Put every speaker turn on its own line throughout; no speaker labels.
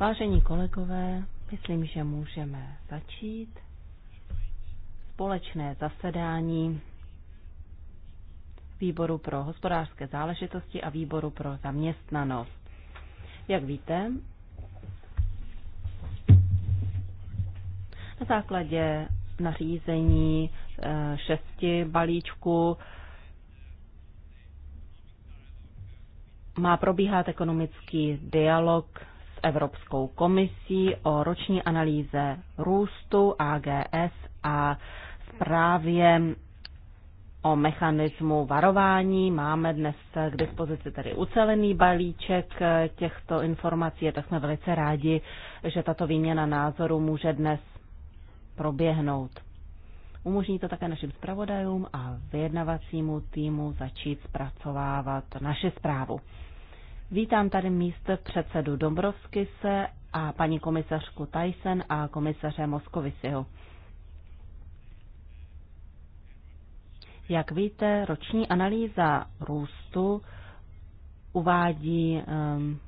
Vážení kolegové, myslím, že můžeme začít. Společné zasedání Výboru pro hospodářské záležitosti a Výboru pro zaměstnanost. Jak víte, na základě nařízení eh, šesti balíčků má probíhat ekonomický dialog s Evropskou komisí o roční analýze růstu AGS a zprávě o mechanismu varování. Máme dnes k dispozici tedy ucelený balíček těchto informací, tak jsme velice rádi, že tato výměna názorů může dnes proběhnout. Umožní to také našim zpravodajům a vyjednavacímu týmu začít zpracovávat naše zprávu. Vítám tady místo předsedu Dombrovskise a paní komisařku Tyson a komisaře Moskovisiho. Jak víte, roční analýza růstu uvádí um,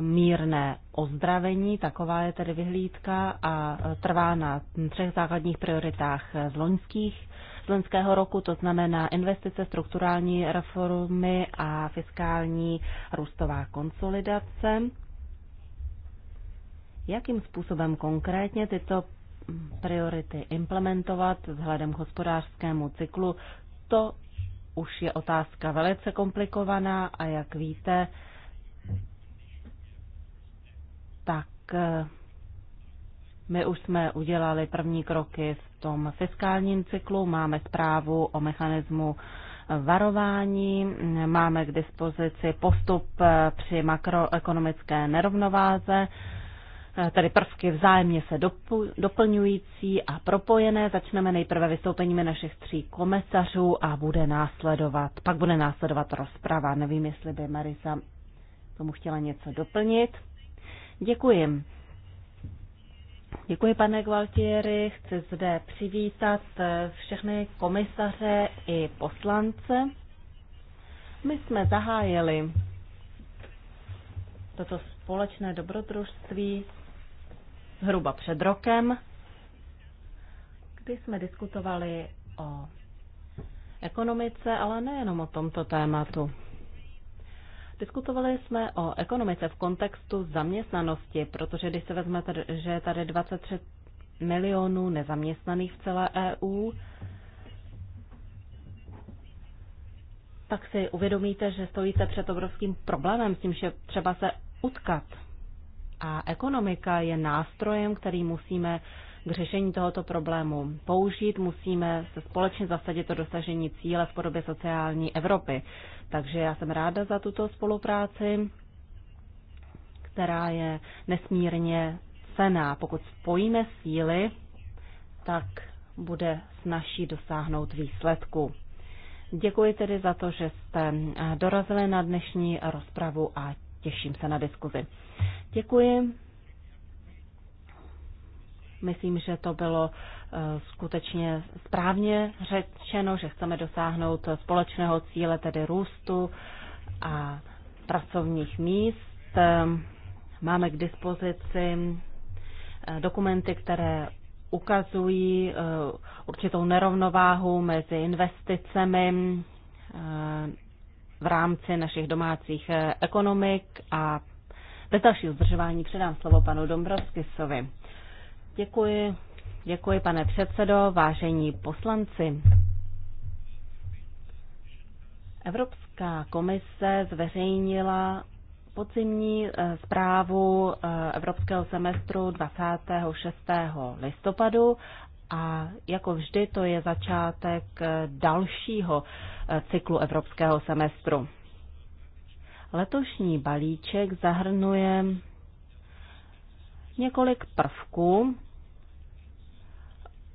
mírné ozdravení, taková je tedy vyhlídka a trvá na třech základních prioritách z loňských z loňského roku, to znamená investice, strukturální reformy a fiskální růstová konsolidace. Jakým způsobem konkrétně tyto priority implementovat vzhledem k hospodářskému cyklu, to už je otázka velice komplikovaná a jak víte, tak eh, my už jsme udělali první kroky v tom fiskálním cyklu, máme zprávu o mechanismu varování, máme k dispozici postup eh, při makroekonomické nerovnováze, eh, tedy prvky vzájemně se doplňující a propojené. Začneme nejprve vystoupeními našich tří komisařů a bude následovat, pak bude následovat rozprava. Nevím, jestli by Marisa tomu chtěla něco doplnit. Děkuji. Děkuji, pane Gualtieri. Chci zde přivítat eh, všechny komisaře i poslance. My jsme zahájili toto společné dobrodružství zhruba před rokem, kdy jsme diskutovali o ekonomice, ale nejenom o tomto tématu. Diskutovali jsme o ekonomice v kontextu zaměstnanosti, protože když se vezme, že je tady 23 milionů nezaměstnaných v celé EU, tak si uvědomíte, že stojíte před obrovským problémem s tím, že třeba se utkat. A ekonomika je nástrojem, který musíme k řešení tohoto problému použít, musíme se společně zasadit o dosažení cíle v podobě sociální Evropy. Takže já jsem ráda za tuto spolupráci, která je nesmírně cená. Pokud spojíme síly, tak bude snažší dosáhnout výsledku. Děkuji tedy za to, že jste dorazili na dnešní rozpravu a těším se na diskuzi. Děkuji. Myslím, že to bylo eh, skutečně správně řečeno, že chceme dosáhnout společného cíle, tedy růstu a pracovních míst. Eh, máme k dispozici eh, dokumenty, které ukazují určitou nerovnováhu mezi investicemi v rámci našich domácích ekonomik a bez dalšího zdržování předám slovo panu Dombrovskisovi. Děkuji, děkuji pane předsedo, vážení poslanci. Evropská komise zveřejnila podzimní eh, zprávu eh, Evropského semestru 26. listopadu a jako vždy to je začátek eh, dalšího cyklu Evropského semestru. Letošní balíček zahrnuje několik prvků,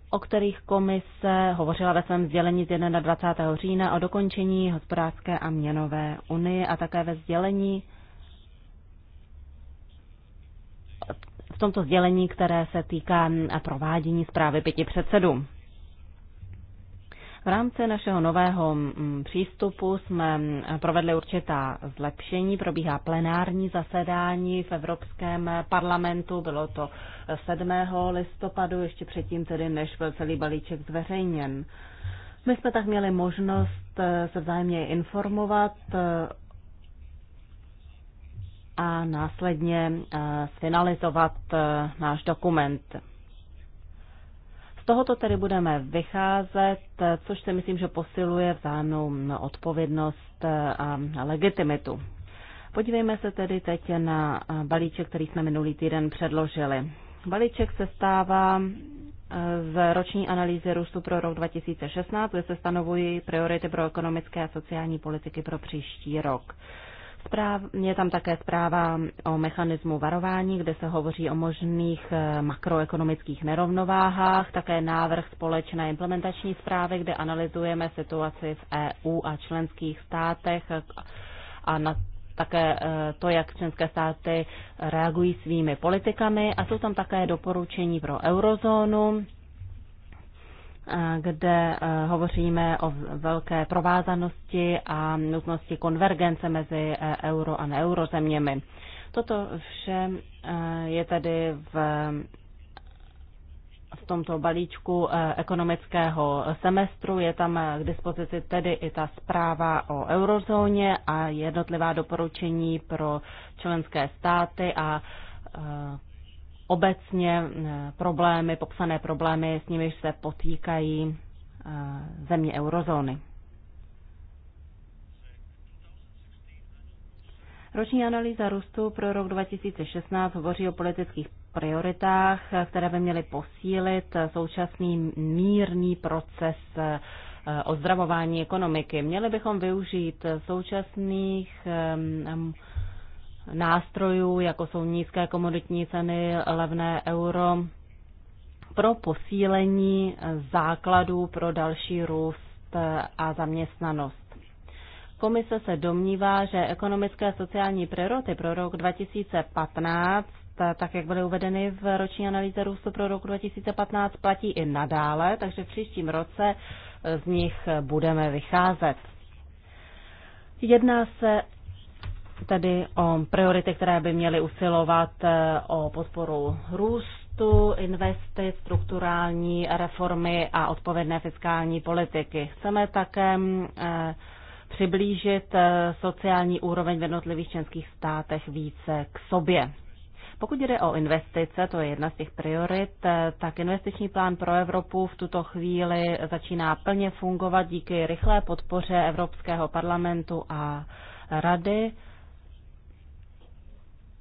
o kterých komise hovořila ve svém sdělení z 21. října o dokončení hospodářské a měnové unie a také ve sdělení v tomto sdělení, které se týká provádění zprávy pěti předsedů. V rámci našeho nového mm, přístupu jsme eh, provedli určitá zlepšení. Probíhá plenární zasedání v Evropském parlamentu. Bylo to 7. Eh, listopadu, ještě předtím tedy, než byl celý balíček zveřejněn. My jsme tak měli možnost eh, se vzájemně informovat a následně sfinalizovat náš dokument tohoto tedy budeme vycházet, což si myslím, že posiluje vzájemnou odpovědnost a legitimitu. Podívejme se tedy teď na balíček, který jsme minulý týden předložili. Balíček se stává eh, z roční analýzy růstu pro rok 2016, kde se stanovují priority pro ekonomické a sociální politiky pro příští rok. Zpráv, je tam také zpráva o mechanismu varování, kde se hovoří o možných eh, makroekonomických nerovnováhách, také návrh společné implementační zprávy, kde analyzujeme situaci v EU a členských státech a na také eh, to, jak členské státy reagují svými politikami a jsou tam také doporučení pro eurozónu, kde eh, hovoříme o velké provázanosti a nutnosti konvergence mezi eh, euro a neurozeměmi. Toto vše eh, je tedy v, v tomto balíčku ekonomického semestru. Je tam k dispozici tedy i ta zpráva o eurozóně a jednotlivá doporučení pro členské státy a obecně eh, problémy, popsané problémy, s nimiž se potýkají eh, země eurozóny. Roční analýza růstu pro rok 2016 hovoří o politických prioritách, které by měly posílit současný mírný proces eh, ozdravování ekonomiky. Měli bychom využít současných nástrojů, jako jsou nízké komoditní ceny, levné euro, pro posílení základů pro další růst a zaměstnanost. Komise se domnívá, že ekonomické a sociální priority pro rok 2015 tak jak byly uvedeny v roční analýze růstu pro rok 2015, platí i nadále, takže v příštím roce z nich budeme vycházet. Jedná se tedy o priority, které by měly usilovat eh, o podporu růstu, investic, strukturální reformy a odpovědné fiskální politiky. Chceme také mm, eh, přiblížit eh, sociální úroveň v jednotlivých členských státech více k sobě. Pokud jde o investice, to je jedna z těch priorit, tak investiční plán pro Evropu v tuto chvíli začíná plně fungovat díky rychlé podpoře Evropského parlamentu a Rady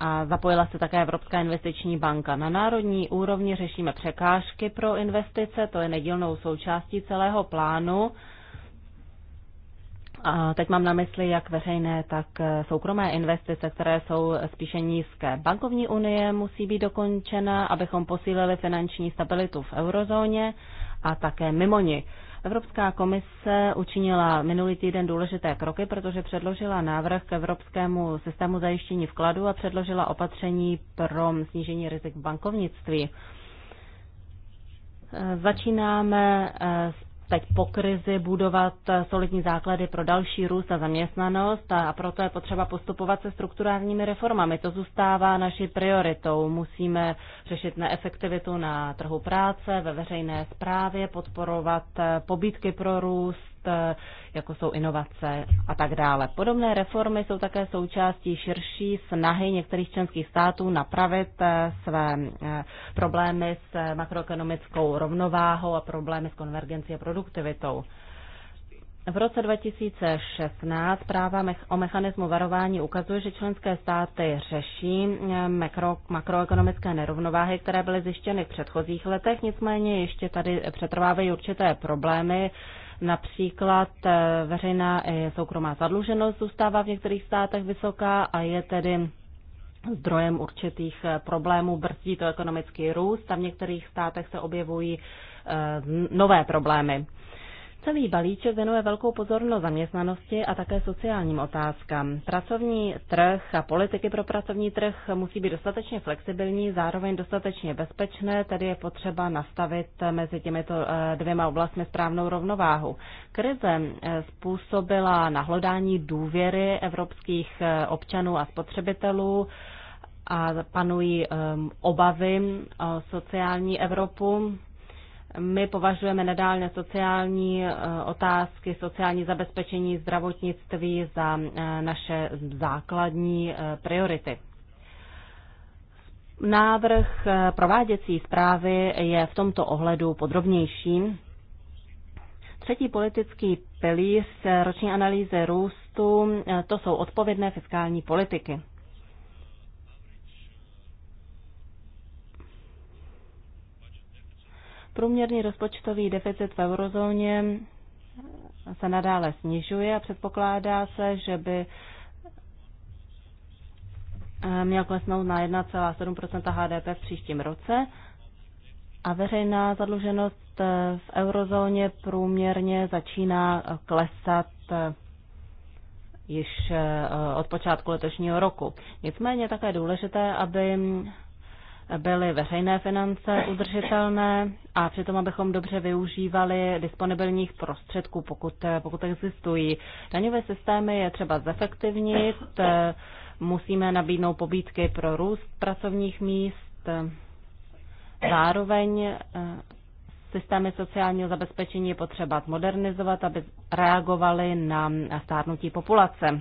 a zapojila se také Evropská investiční banka. Na národní úrovni řešíme překážky pro investice, to je nedílnou součástí celého plánu. A teď mám na mysli jak veřejné, tak eh, soukromé investice, které jsou spíše nízké. Bankovní unie musí být dokončena, abychom posílili finanční stabilitu v eurozóně a také mimo ní. Evropská komise učinila minulý týden důležité kroky, protože předložila návrh k evropskému systému zajištění vkladu a předložila opatření pro snížení rizik v bankovnictví. Začínáme eh, s teď po krizi budovat solidní základy pro další růst a zaměstnanost a proto je potřeba postupovat se strukturálními reformami. To zůstává naší prioritou. Musíme řešit neefektivitu na trhu práce, ve veřejné správě, podporovat pobídky pro růst, E, jako jsou inovace a tak dále. Podobné reformy jsou také součástí širší snahy některých členských států napravit e, své e, problémy s makroekonomickou rovnováhou a problémy s konvergencí a produktivitou. V roce 2016 práva o mechanismu varování ukazuje, že členské státy řeší makro, makroekonomické nerovnováhy, které byly zjištěny v předchozích letech, nicméně ještě tady přetrvávají určité problémy, Například eh, veřejná i soukromá zadluženost zůstává v některých státech vysoká a je tedy zdrojem určitých eh, problémů, brzdí to ekonomický růst a v některých státech se objevují eh, nové problémy. Celý balíček věnuje velkou pozornost zaměstnanosti a také sociálním otázkám. Pracovní trh a politiky pro pracovní trh musí být dostatečně flexibilní, zároveň dostatečně bezpečné, tedy je potřeba nastavit mezi těmito eh, dvěma oblastmi správnou rovnováhu. Krize eh, způsobila nahlodání důvěry evropských eh, občanů a spotřebitelů a panují obavy o sociální Evropu my považujeme nadálně sociální eh, otázky, sociální zabezpečení, zdravotnictví za eh, naše základní eh, priority. Návrh prováděcí zprávy je v tomto ohledu podrobnější. Třetí politický pilíř roční analýzy růstu, to jsou odpovědné fiskální politiky. Průměrný rozpočtový deficit v eurozóně se nadále snižuje a předpokládá se, že by eh, měl klesnout na 1,7 HDP v příštím roce a veřejná zadluženost eh, v eurozóně průměrně začíná eh, klesat již od počátku letošního roku. Nicméně také důležité, aby byly veřejné finance udržitelné a přitom, abychom dobře využívali disponibilních prostředků, pokud, pokud existují. Daňové systémy je třeba zefektivnit, musíme nabídnout pobídky pro růst pracovních míst, zároveň eh, systémy sociálního zabezpečení je potřeba modernizovat, aby reagovaly na stárnutí populace.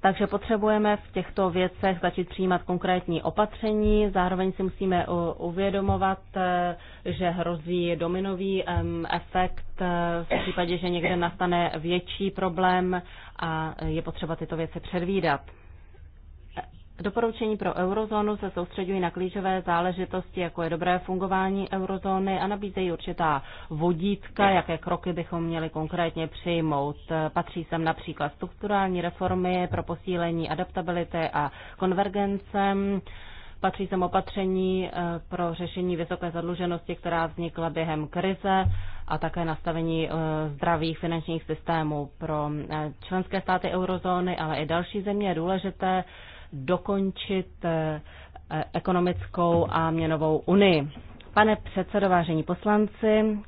Takže potřebujeme v těchto věcech začít přijímat konkrétní opatření, zároveň si musíme uvědomovat, eh, že hrozí dominový efekt eh, v případě, že někde nastane větší problém a je potřeba tyto věci předvídat. Doporučení pro eurozónu se soustředují na klíčové záležitosti, jako je dobré fungování eurozóny a nabízejí určitá vodítka, jaké kroky bychom měli konkrétně přijmout. Patří sem například strukturální reformy pro posílení adaptability a konvergence, patří sem opatření eh, pro řešení vysoké zadluženosti, která vznikla během krize a také nastavení eh, zdravých finančních systémů pro eh, členské státy eurozóny, ale i další země je důležité, dokončit eh, eh, ekonomickou a měnovou unii. Pane předsedo, vážení poslanci,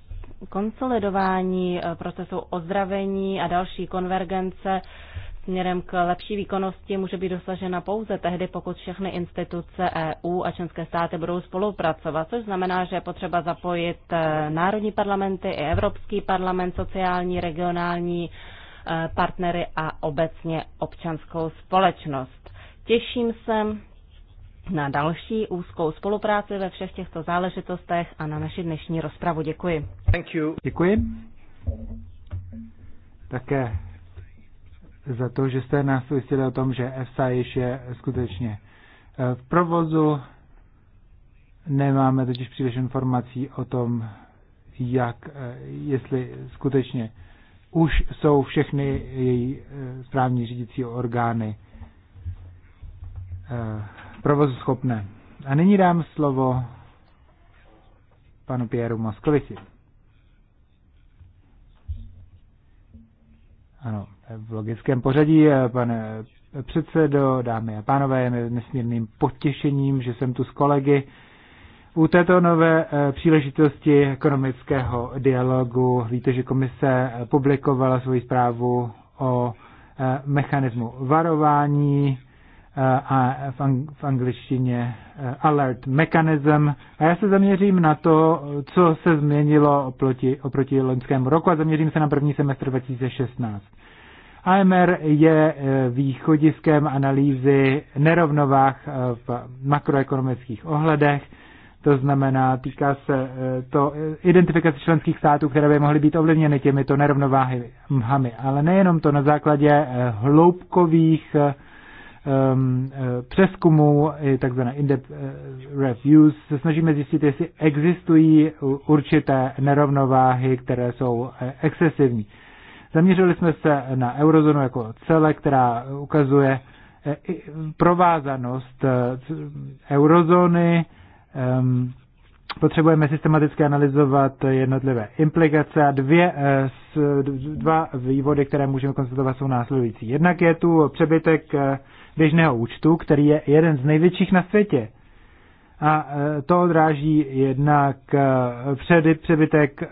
konsolidování eh, procesu ozdravení a další konvergence směrem k lepší výkonnosti může být dosažena pouze tehdy, pokud všechny instituce EU a členské státy budou spolupracovat, což znamená, že je potřeba zapojit národní parlamenty i Evropský parlament, sociální, regionální partnery a obecně občanskou společnost. Těším se na další úzkou spolupráci ve všech těchto záležitostech a na naši dnešní rozpravu. Děkuji.
Thank you. Děkuji. Také za to, že jste nás ujistili o tom, že EFSA již je skutečně eh, v provozu. Nemáme totiž příliš informací o tom, jak, eh, jestli skutečně už jsou všechny její eh, správní řídící orgány Eh, provozu schopné. A nyní dám slovo panu Pieru Moskovici. Ano, v logickém pořadí, eh, pane předsedo, dámy a pánové, je mi nesmírným potěšením, že jsem tu s kolegy u této nové eh, příležitosti ekonomického dialogu. Víte, že komise publikovala svoji zprávu o mechanismu varování a v, ang- v angličtině e, alert mechanism. A já se zaměřím na to, co se změnilo oproti, oproti loňskému roku a zaměřím se na první semestr 2016. AMR je e, východiskem analýzy nerovnovách e, v makroekonomických ohledech, to znamená, týká se to identifikace členských států, které by mohly být ovlivněny těmito mhami. ale nejenom to na základě hloubkových um, eh, přeskumu, takzvané in-depth eh, reviews, se snažíme zjistit, jestli existují určité nerovnováhy, které jsou eh, excesivní. Zaměřili jsme se na eurozonu jako celé, která ukazuje provázanost eurozóny. Ehm, potřebujeme systematicky analyzovat jednotlivé implikace a dvě, dva vývody, které můžeme konstatovat, jsou následující. Jednak je tu přebytek běžného účtu, který je jeden z největších na světě. A e, to odráží jednak e, přebytek e,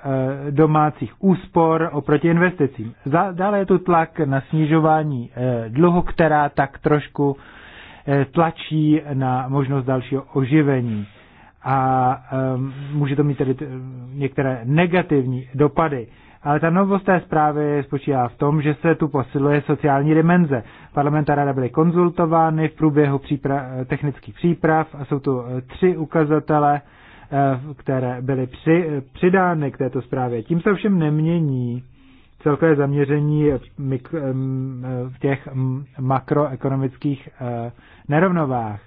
domácích úspor oproti investicím. Dále je tu tlak na snižování dluhu, která tak trošku tlačí na možnost dalšího oživení. A může to mít tedy některé negativní dopady. Ale ta novost té zprávy spočívá v tom, že se tu posiluje sociální dimenze. Parlament a rada byly konzultovány v průběhu přípra- technických příprav a jsou tu eh, tři ukazatele, eh, které byly při, eh, přidány k této zprávě. Tím se ovšem nemění celkové zaměření v těch makroekonomických nerovnovách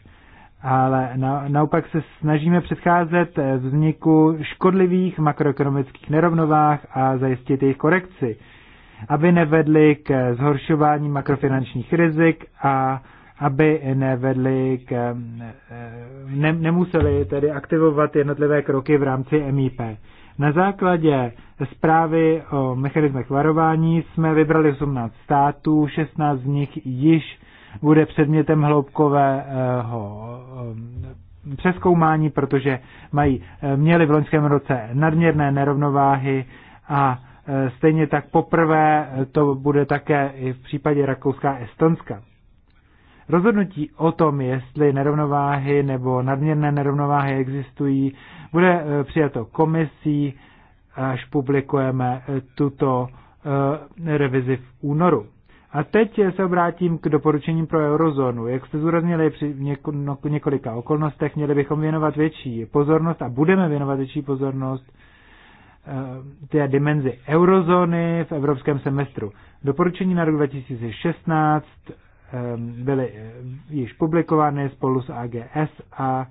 ale na, naopak se snažíme předcházet vzniku škodlivých makroekonomických nerovnovách a zajistit jejich korekci, aby nevedly k zhoršování makrofinančních rizik a aby nevedly k, ne, nemuseli tedy aktivovat jednotlivé kroky v rámci MIP. Na základě zprávy o mechanismech varování jsme vybrali 18 států, 16 z nich již bude předmětem hloubkového eh, přeskoumání, protože mají, eh, měli v loňském roce nadměrné nerovnováhy a eh, stejně tak poprvé to bude také i v případě Rakouska a Estonska. Rozhodnutí o tom, jestli nerovnováhy nebo nadměrné nerovnováhy existují, bude přijato komisí, až publikujeme tuto revizi v únoru. A teď se obrátím k doporučením pro eurozónu. Jak jste zúraznili při no, několika okolnostech, měli bychom věnovat větší pozornost a budeme věnovat větší pozornost eh, té dimenzi eurozóny v evropském semestru. Doporučení na rok 2016 eh, byly eh, již publikovány spolu s AGS a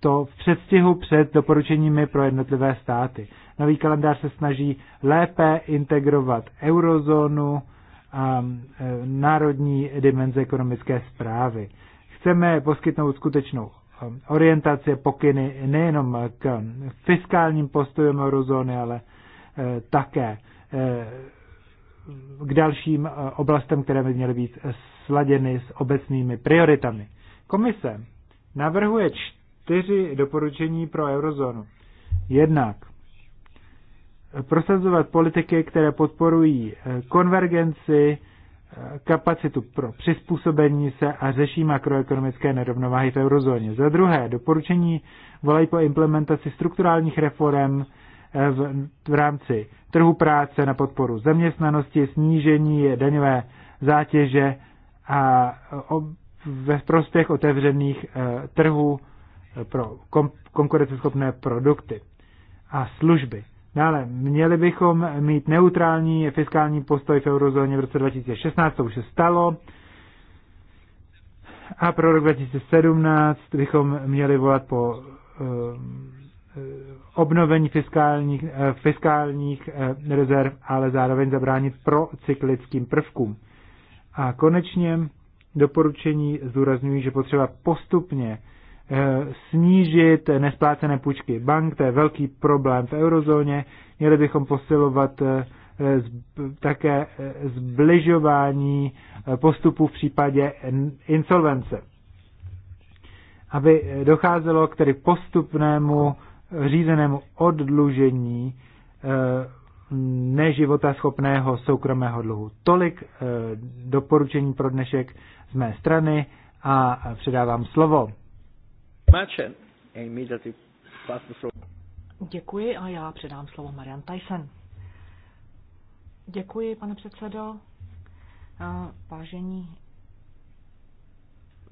to v předstihu před doporučeními pro jednotlivé státy. Nový kalendář se snaží lépe integrovat eurozónu a e, národní dimenze ekonomické zprávy. Chceme poskytnout skutečnou e, orientaci, pokyny nejenom k fiskálním postojům eurozóny, ale e, také k dalším oblastem, které by měly být sladěny s obecnými prioritami. Komise navrhuje čtyři doporučení pro eurozónu. Jednak prosazovat politiky, které podporují eh, konvergenci, eh, kapacitu pro přizpůsobení se a řeší makroekonomické nerovnováhy v eurozóně. Za druhé, doporučení volají po implementaci strukturálních reform eh, v, v rámci trhu práce na podporu zaměstnanosti, snížení daňové zátěže a o, ve prospěch otevřených e, trhů pro kom, konkurenceschopné produkty a služby. Dále, měli bychom mít neutrální fiskální postoj v eurozóně v roce 2016, to už se stalo. A pro rok 2017 bychom měli volat po eh, obnovení fiskálních, eh, fiskálních eh, rezerv, ale zároveň zabránit procyklickým prvkům. A konečně doporučení zdůrazňují, že potřeba postupně Eh, snížit nesplácené půjčky bank, to je velký problém v eurozóně. Měli bychom posilovat eh, také eh, zbližování postupů v případě insolvence. Aby docházelo k tedy postupnému řízenému odlužení neživota schopného soukromého dluhu. Tolik doporučení pro dnešek z mé strany a předávám slovo.
Děkuji a já předám slovo Marian Tyson. Děkuji, pane předsedo. Vážení,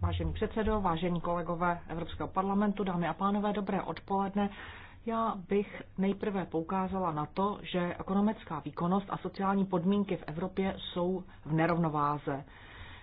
vážení předsedo, vážení kolegové Evropského parlamentu, dámy a pánové, dobré odpoledne. Já bych nejprve poukázala na to, že ekonomická výkonnost a sociální podmínky v Evropě jsou v nerovnováze.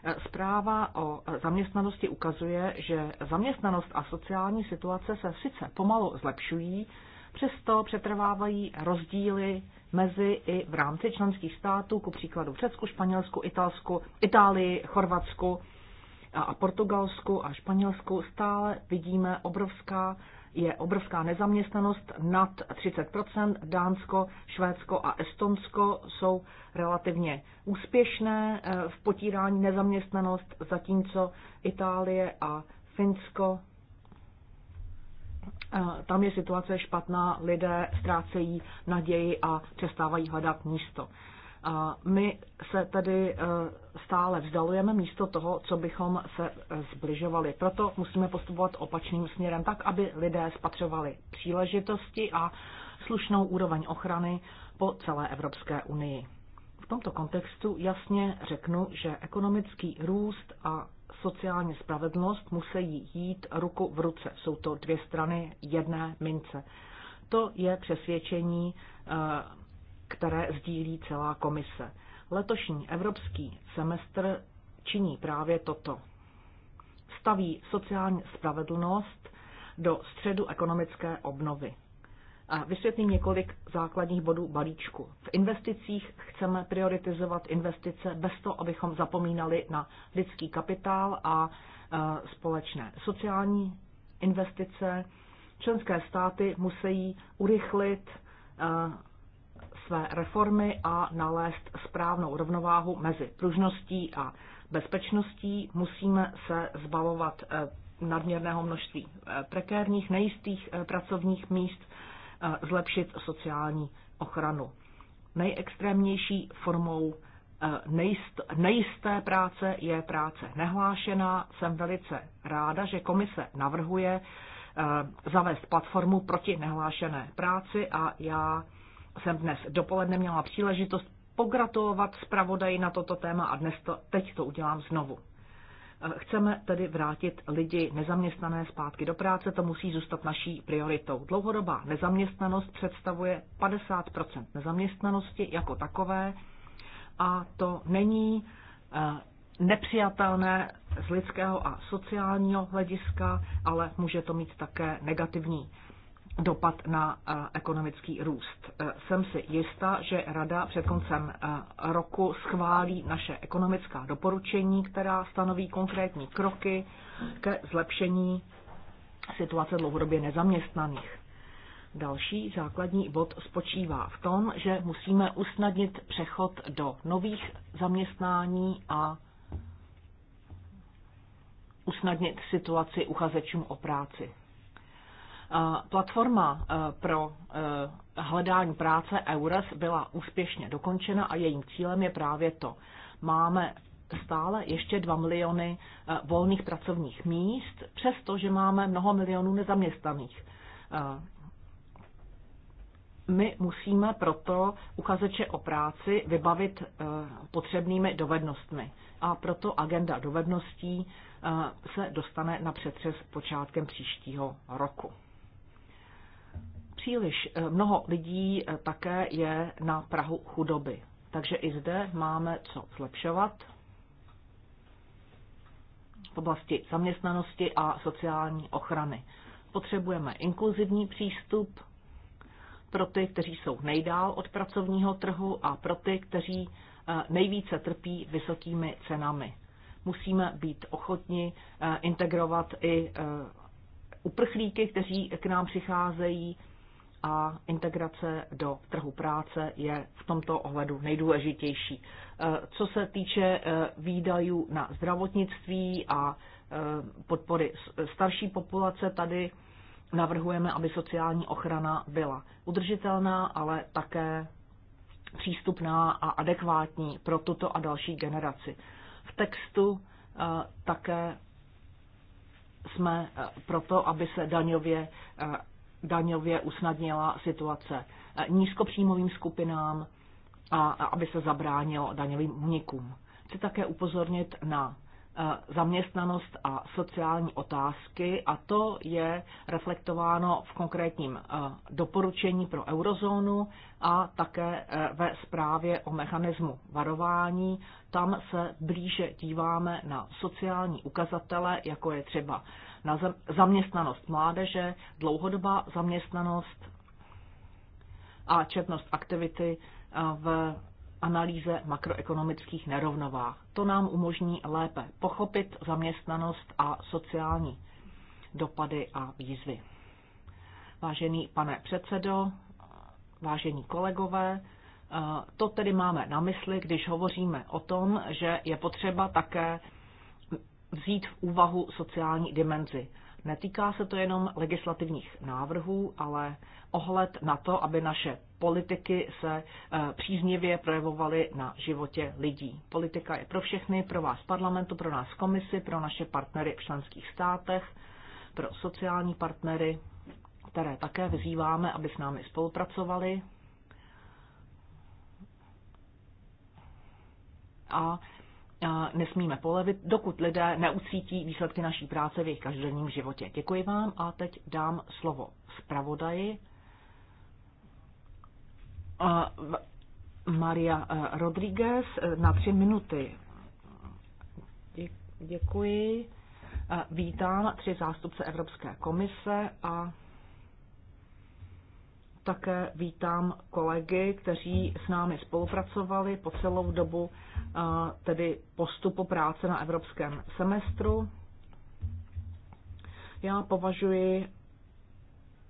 Eh, zpráva o eh, zaměstnanosti ukazuje, že zaměstnanost a sociální situace se sice pomalu zlepšují, přesto přetrvávají rozdíly mezi i v rámci členských států, ku příkladu v Řecku, Španělsku, Italsku, Itálii, Chorvatsku eh, a Portugalsku a Španělsku stále vidíme obrovská je obrovská nezaměstnanost nad 30 Dánsko, Švédsko a Estonsko jsou relativně úspěšné eh, v potírání nezaměstnanost, zatímco Itálie a Finsko eh, tam je situace špatná, lidé ztrácejí naději a přestávají hledat místo. A my se tedy eh, stále vzdalujeme místo toho, co bychom se eh, zbližovali. Proto musíme postupovat opačným směrem, tak aby lidé spatřovali příležitosti a slušnou úroveň ochrany po celé Evropské unii. V tomto kontextu jasně řeknu, že ekonomický růst a sociální spravedlnost musí jít ruku v ruce. Jsou to dvě strany jedné mince. To je přesvědčení eh, které sdílí celá komise. Letošní evropský semestr činí právě toto. Staví sociální spravedlnost do středu ekonomické obnovy. A vysvětlím několik základních bodů balíčku. V investicích chceme prioritizovat investice bez toho, abychom zapomínali na lidský kapitál a e, společné sociální investice. Členské státy musí urychlit e, své reformy a nalézt správnou rovnováhu mezi pružností a bezpečností. Musíme se zbavovat eh, nadměrného množství eh, prekérních, nejistých eh, pracovních míst, zlepšit sociální ochranu. Nejextrémnější formou nejist, nejisté práce je práce nehlášená. Jsem velice ráda, že komise navrhuje zavést platformu proti nehlášené práci a já jsem dnes dopoledne měla příležitost pogratulovat zpravodaji na toto téma a dnes to, teď to udělám znovu. Eh, chceme tedy vrátit lidi nezaměstnané zpátky do práce, to musí zůstat naší prioritou. Dlouhodobá nezaměstnanost představuje 50 nezaměstnanosti jako takové a to není eh, nepřijatelné z lidského a sociálního hlediska, ale může to mít také negativní dopad na eh, ekonomický růst. Eh, jsem si jista, že Rada před koncem eh, roku schválí naše ekonomická doporučení, která stanoví konkrétní kroky ke zlepšení situace dlouhodobě nezaměstnaných. Další základní bod spočívá v tom, že musíme usnadnit přechod do nových zaměstnání a usnadnit situaci uchazečům o práci. Platforma e, pro e, hledání práce EURES byla úspěšně dokončena a jejím cílem je právě to. Máme stále ještě 2 miliony e, volných pracovních míst, přestože máme mnoho milionů nezaměstnaných. My musíme proto uchazeče o práci vybavit potřebnými dovednostmi a proto agenda dovedností se dostane na přetřes počátkem příštího roku. Příliš eh, mnoho lidí eh, také je na Prahu chudoby. Takže i zde máme co zlepšovat v oblasti zaměstnanosti a sociální ochrany. Potřebujeme inkluzivní přístup pro ty, kteří jsou nejdál od pracovního trhu a pro ty, kteří eh, nejvíce trpí vysokými cenami. Musíme být ochotni integrovat i uprchlíky, kteří k nám přicházejí, a integrace do trhu práce je v tomto ohledu nejdůležitější. E, co se týče e, výdajů na zdravotnictví a e, podpory starší populace, tady navrhujeme, aby sociální ochrana byla udržitelná, ale také přístupná a adekvátní pro tuto a další generaci. V textu také jsme proto, aby se daňově daňově usnadnila situace nízkopříjmovým skupinám a aby se zabránilo daňovým únikům. Chci také upozornit na e, zaměstnanost a sociální otázky a to je reflektováno v konkrétním e, doporučení pro eurozónu a také e, ve zprávě o mechanismu varování. Tam se blíže díváme na sociální ukazatele, jako je třeba na zaměstnanost mládeže, dlouhodobá zaměstnanost a četnost aktivity eh, v analýze makroekonomických nerovnovách. To nám umožní lépe pochopit zaměstnanost a sociální dopady a výzvy. Vážený pane předsedo, vážení kolegové, eh, to tedy máme na mysli, když hovoříme o tom, že je potřeba také vzít v úvahu sociální dimenzi. Netýká se to jenom legislativních návrhů, ale ohled na to, aby naše politiky se eh, příznivě projevovaly na životě lidí. Politika je pro všechny, pro vás parlamentu, pro nás komisi, pro naše partnery v členských státech, pro sociální partnery, které také vyzýváme, aby s námi spolupracovali. A nesmíme polevit, dokud lidé neucítí výsledky naší práce v jejich každodenním životě. Děkuji vám a teď dám slovo zpravodaji. Maria eh, Rodriguez eh, na tři minuty. Děkuji. Eh, vítám tři zástupce Evropské komise a také vítám kolegy, kteří s námi spolupracovali po celou dobu tedy postupu práce na evropském semestru. Já považuji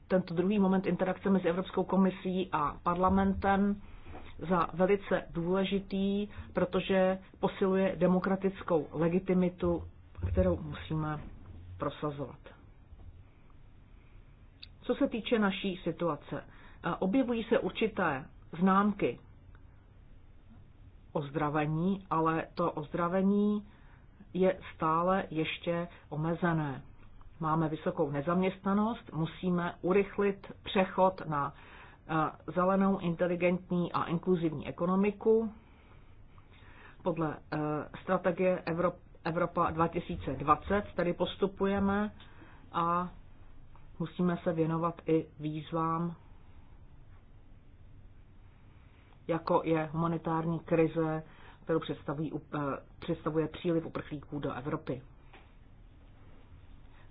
tento druhý moment interakce mezi Evropskou komisí a parlamentem za velice důležitý, protože posiluje demokratickou legitimitu, kterou musíme prosazovat. Co se týče naší situace, objevují se určité známky ozdravení, ale to ozdravení je stále ještě omezené. Máme vysokou nezaměstnanost, musíme urychlit přechod na eh, zelenou, inteligentní a inkluzivní ekonomiku. Podle eh, strategie Evropa 2020 tady postupujeme a musíme se věnovat i výzvám jako je humanitární krize, kterou eh, představuje příliv uprchlíků do Evropy.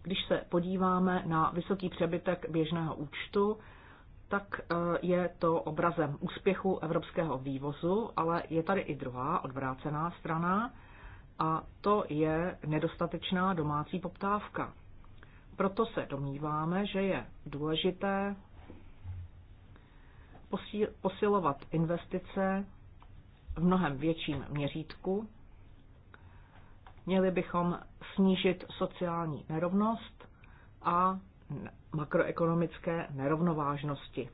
Když se podíváme na vysoký přebytek běžného účtu, tak eh, je to obrazem úspěchu evropského vývozu, ale je tady i druhá odvrácená strana a to je nedostatečná domácí poptávka. Proto se domníváme, že je důležité posilovat investice v mnohem větším měřítku. Měli bychom snížit sociální nerovnost a makroekonomické nerovnovážnosti.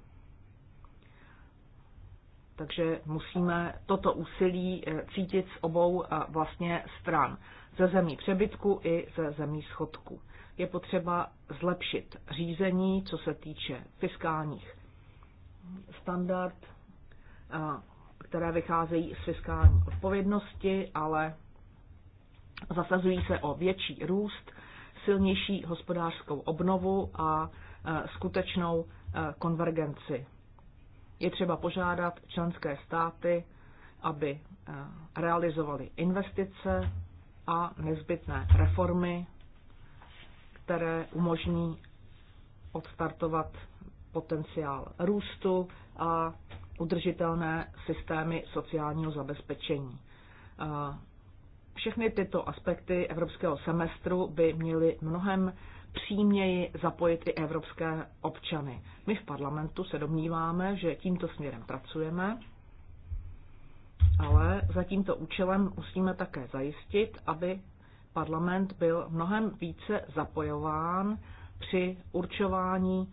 Takže musíme toto úsilí eh, cítit z obou eh, vlastně stran, ze zemí přebytku i ze zemí schodku. Je potřeba zlepšit řízení, co se týče fiskálních standard, které vycházejí z fiskální odpovědnosti, ale zasazují se o větší růst, silnější hospodářskou obnovu a e, skutečnou e, konvergenci. Je třeba požádat členské státy, aby e, realizovali investice a nezbytné reformy, které umožní odstartovat potenciál růstu a udržitelné systémy sociálního zabezpečení. Všechny tyto aspekty evropského semestru by měly mnohem příměji zapojit i evropské občany. My v parlamentu se domníváme, že tímto směrem pracujeme, ale za tímto účelem musíme také zajistit, aby parlament byl mnohem více zapojován při určování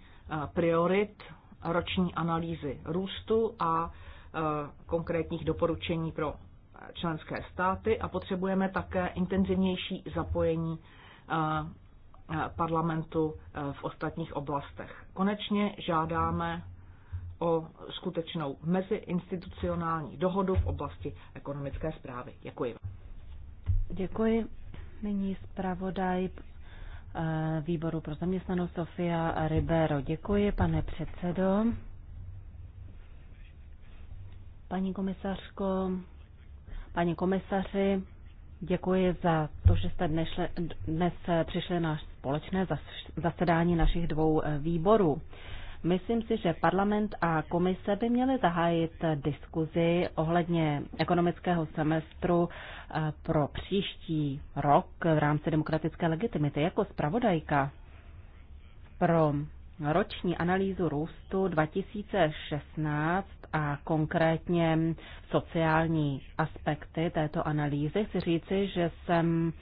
priorit roční analýzy růstu a e, konkrétních doporučení pro členské státy a potřebujeme také intenzivnější zapojení e, e, parlamentu v ostatních oblastech. Konečně žádáme o skutečnou meziinstitucionální dohodu v oblasti ekonomické zprávy. Děkuji. Děkuji. Nyní
zpravodaj Eh, výboru pro zaměstnanost Sofia Ribero. Děkuji, pane předsedo. Paní komisařko, paní komisaři, děkuji za to, že jste dnes, dnes přišli na společné zasedání našich dvou eh, výborů. Myslím si, že parlament a komise by měly zahájit diskuzi ohledně ekonomického semestru eh, pro příští rok v rámci demokratické legitimity. Jako zpravodajka pro roční analýzu růstu 2016 a konkrétně sociální aspekty této analýzy chci říci, že jsem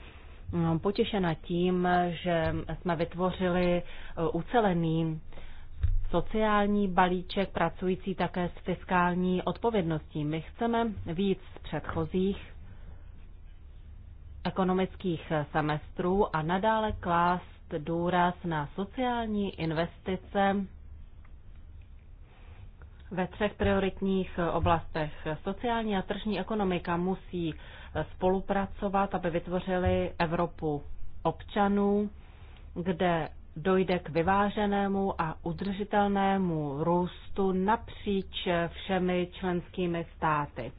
eh, potěšena tím, že jsme vytvořili eh, ucelený sociální balíček pracující také s fiskální odpovědností. My chceme víc z předchozích ekonomických semestrů a nadále klást důraz na sociální investice ve třech prioritních oblastech. Sociální a tržní ekonomika musí spolupracovat, aby vytvořili Evropu občanů, kde dojde k vyváženému a udržitelnému růstu napříč všemi členskými státy.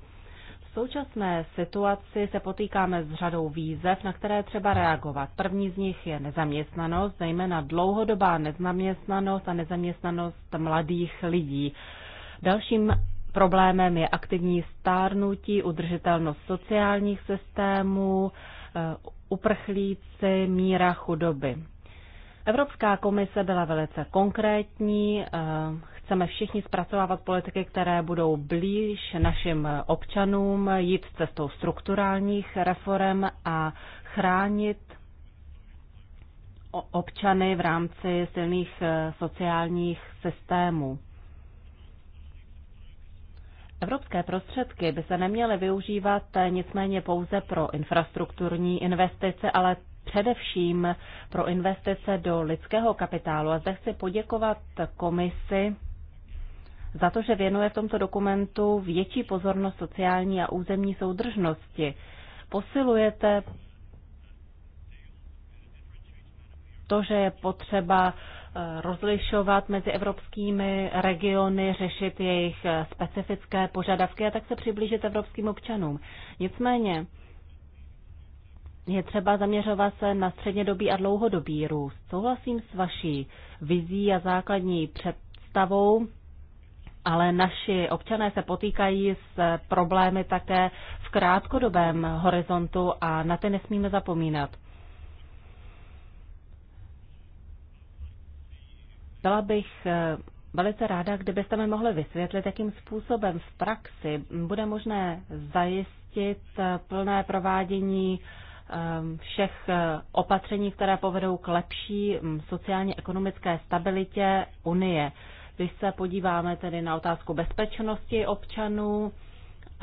V současné situaci se potýkáme s řadou výzev, na které třeba reagovat. První z nich je nezaměstnanost, zejména dlouhodobá nezaměstnanost a nezaměstnanost mladých lidí. Dalším problémem je aktivní stárnutí, udržitelnost sociálních systémů, eh, uprchlíci, míra chudoby. Evropská komise byla velice konkrétní. Eh, chceme všichni zpracovávat politiky, které budou blíž našim občanům, jít cestou strukturálních reform a chránit občany v rámci silných eh, sociálních systémů. Evropské prostředky by se neměly využívat eh, nicméně pouze pro infrastrukturní investice, ale především pro investice do lidského kapitálu. A zde chci poděkovat komisi za to, že věnuje v tomto dokumentu větší pozornost sociální a územní soudržnosti. Posilujete to, že je potřeba eh, rozlišovat mezi evropskými regiony, řešit jejich eh, specifické požadavky a tak se přiblížit evropským občanům. Nicméně je třeba zaměřovat se na střednědobý a dlouhodobý růst. Souhlasím s vaší vizí a základní představou, ale naši občané se potýkají s problémy také v krátkodobém horizontu a na ty nesmíme zapomínat. Byla bych eh, velice ráda, kdybyste mi mohli vysvětlit, jakým způsobem v praxi bude možné zajistit eh, plné provádění uh, Ehm, všech eh, opatření, které povedou k lepší hm, sociálně-ekonomické stabilitě Unie. Když se podíváme tedy na otázku bezpečnosti občanů,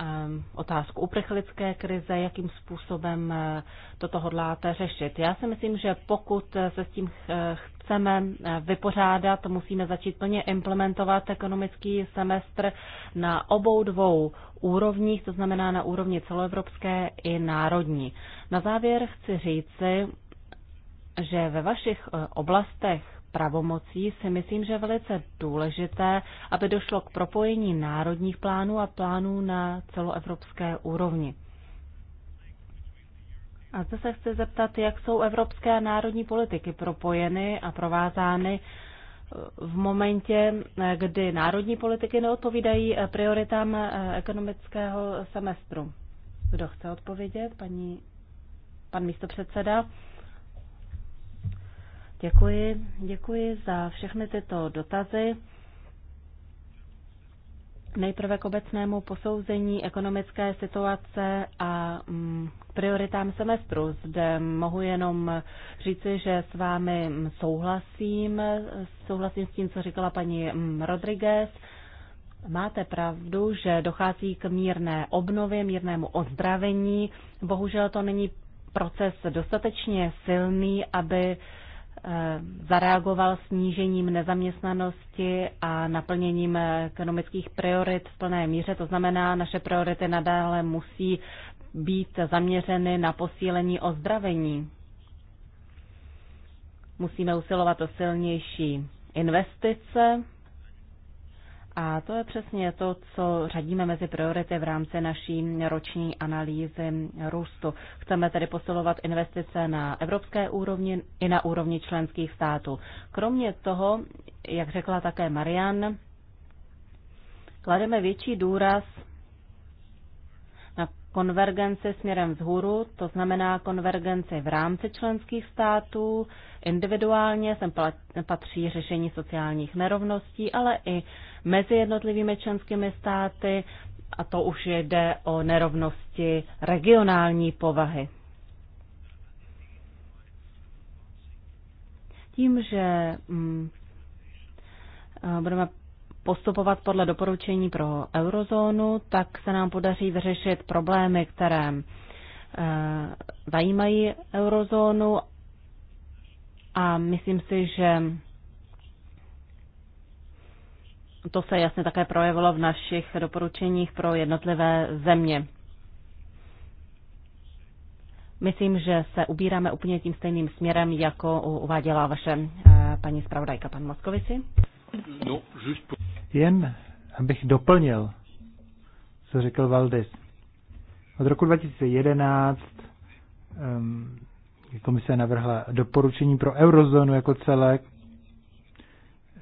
Ehm, otázku uprchlické krize, jakým způsobem eh, toto hodláte řešit. Já si myslím, že pokud eh, se s tím eh, chceme vypořádat, musíme začít plně implementovat ekonomický semestr na obou dvou úrovních, to znamená na úrovni celoevropské i národní. Na závěr chci říci, že ve vašich oblastech pravomocí si myslím, že je velice důležité, aby došlo k propojení národních plánů a plánů na celoevropské úrovni. A zde se chci zeptat, jak jsou evropské a národní politiky propojeny a provázány v momentě, kdy národní politiky neodpovídají prioritám ekonomického semestru. Kdo chce odpovědět? Paní, pan místopředseda. Děkuji, děkuji za všechny tyto dotazy. Nejprve k obecnému posouzení ekonomické situace a mm, k prioritám semestru. Zde mohu jenom říci, že s vámi mm, souhlasím, souhlasím s tím, co říkala paní mm, Rodriguez. Máte pravdu, že dochází k mírné obnově, mírnému ozdravení. Bohužel to není proces dostatečně silný, aby zareagoval snížením nezaměstnanosti a naplněním ekonomických priorit v plné míře. To znamená, naše priority nadále musí být zaměřeny na posílení ozdravení. Musíme usilovat o silnější investice a to je přesně to, co řadíme mezi priority v rámci naší roční analýzy růstu. Chceme tedy posilovat investice na evropské úrovni i na úrovni členských států. Kromě toho, jak řekla také Marian, klademe větší důraz konvergence směrem vzhůru, to znamená konvergenci v rámci členských států, individuálně sem patří řešení sociálních nerovností, ale i mezi jednotlivými členskými státy, a to už jde o nerovnosti regionální povahy. Tím, že mm, budeme postupovat podle doporučení pro eurozónu, tak se nám podaří vyřešit problémy, které eh, zajímají eurozónu a myslím si, že to se jasně také projevilo v našich doporučeních pro jednotlivé země. Myslím, že se ubíráme úplně tím stejným směrem, jako uváděla vaše eh, paní zpravodajka, pan Moskovici. No,
just... Jen abych doplnil, co řekl Valdis. Od roku 2011 um, ehm, komise navrhla doporučení pro eurozónu jako celek.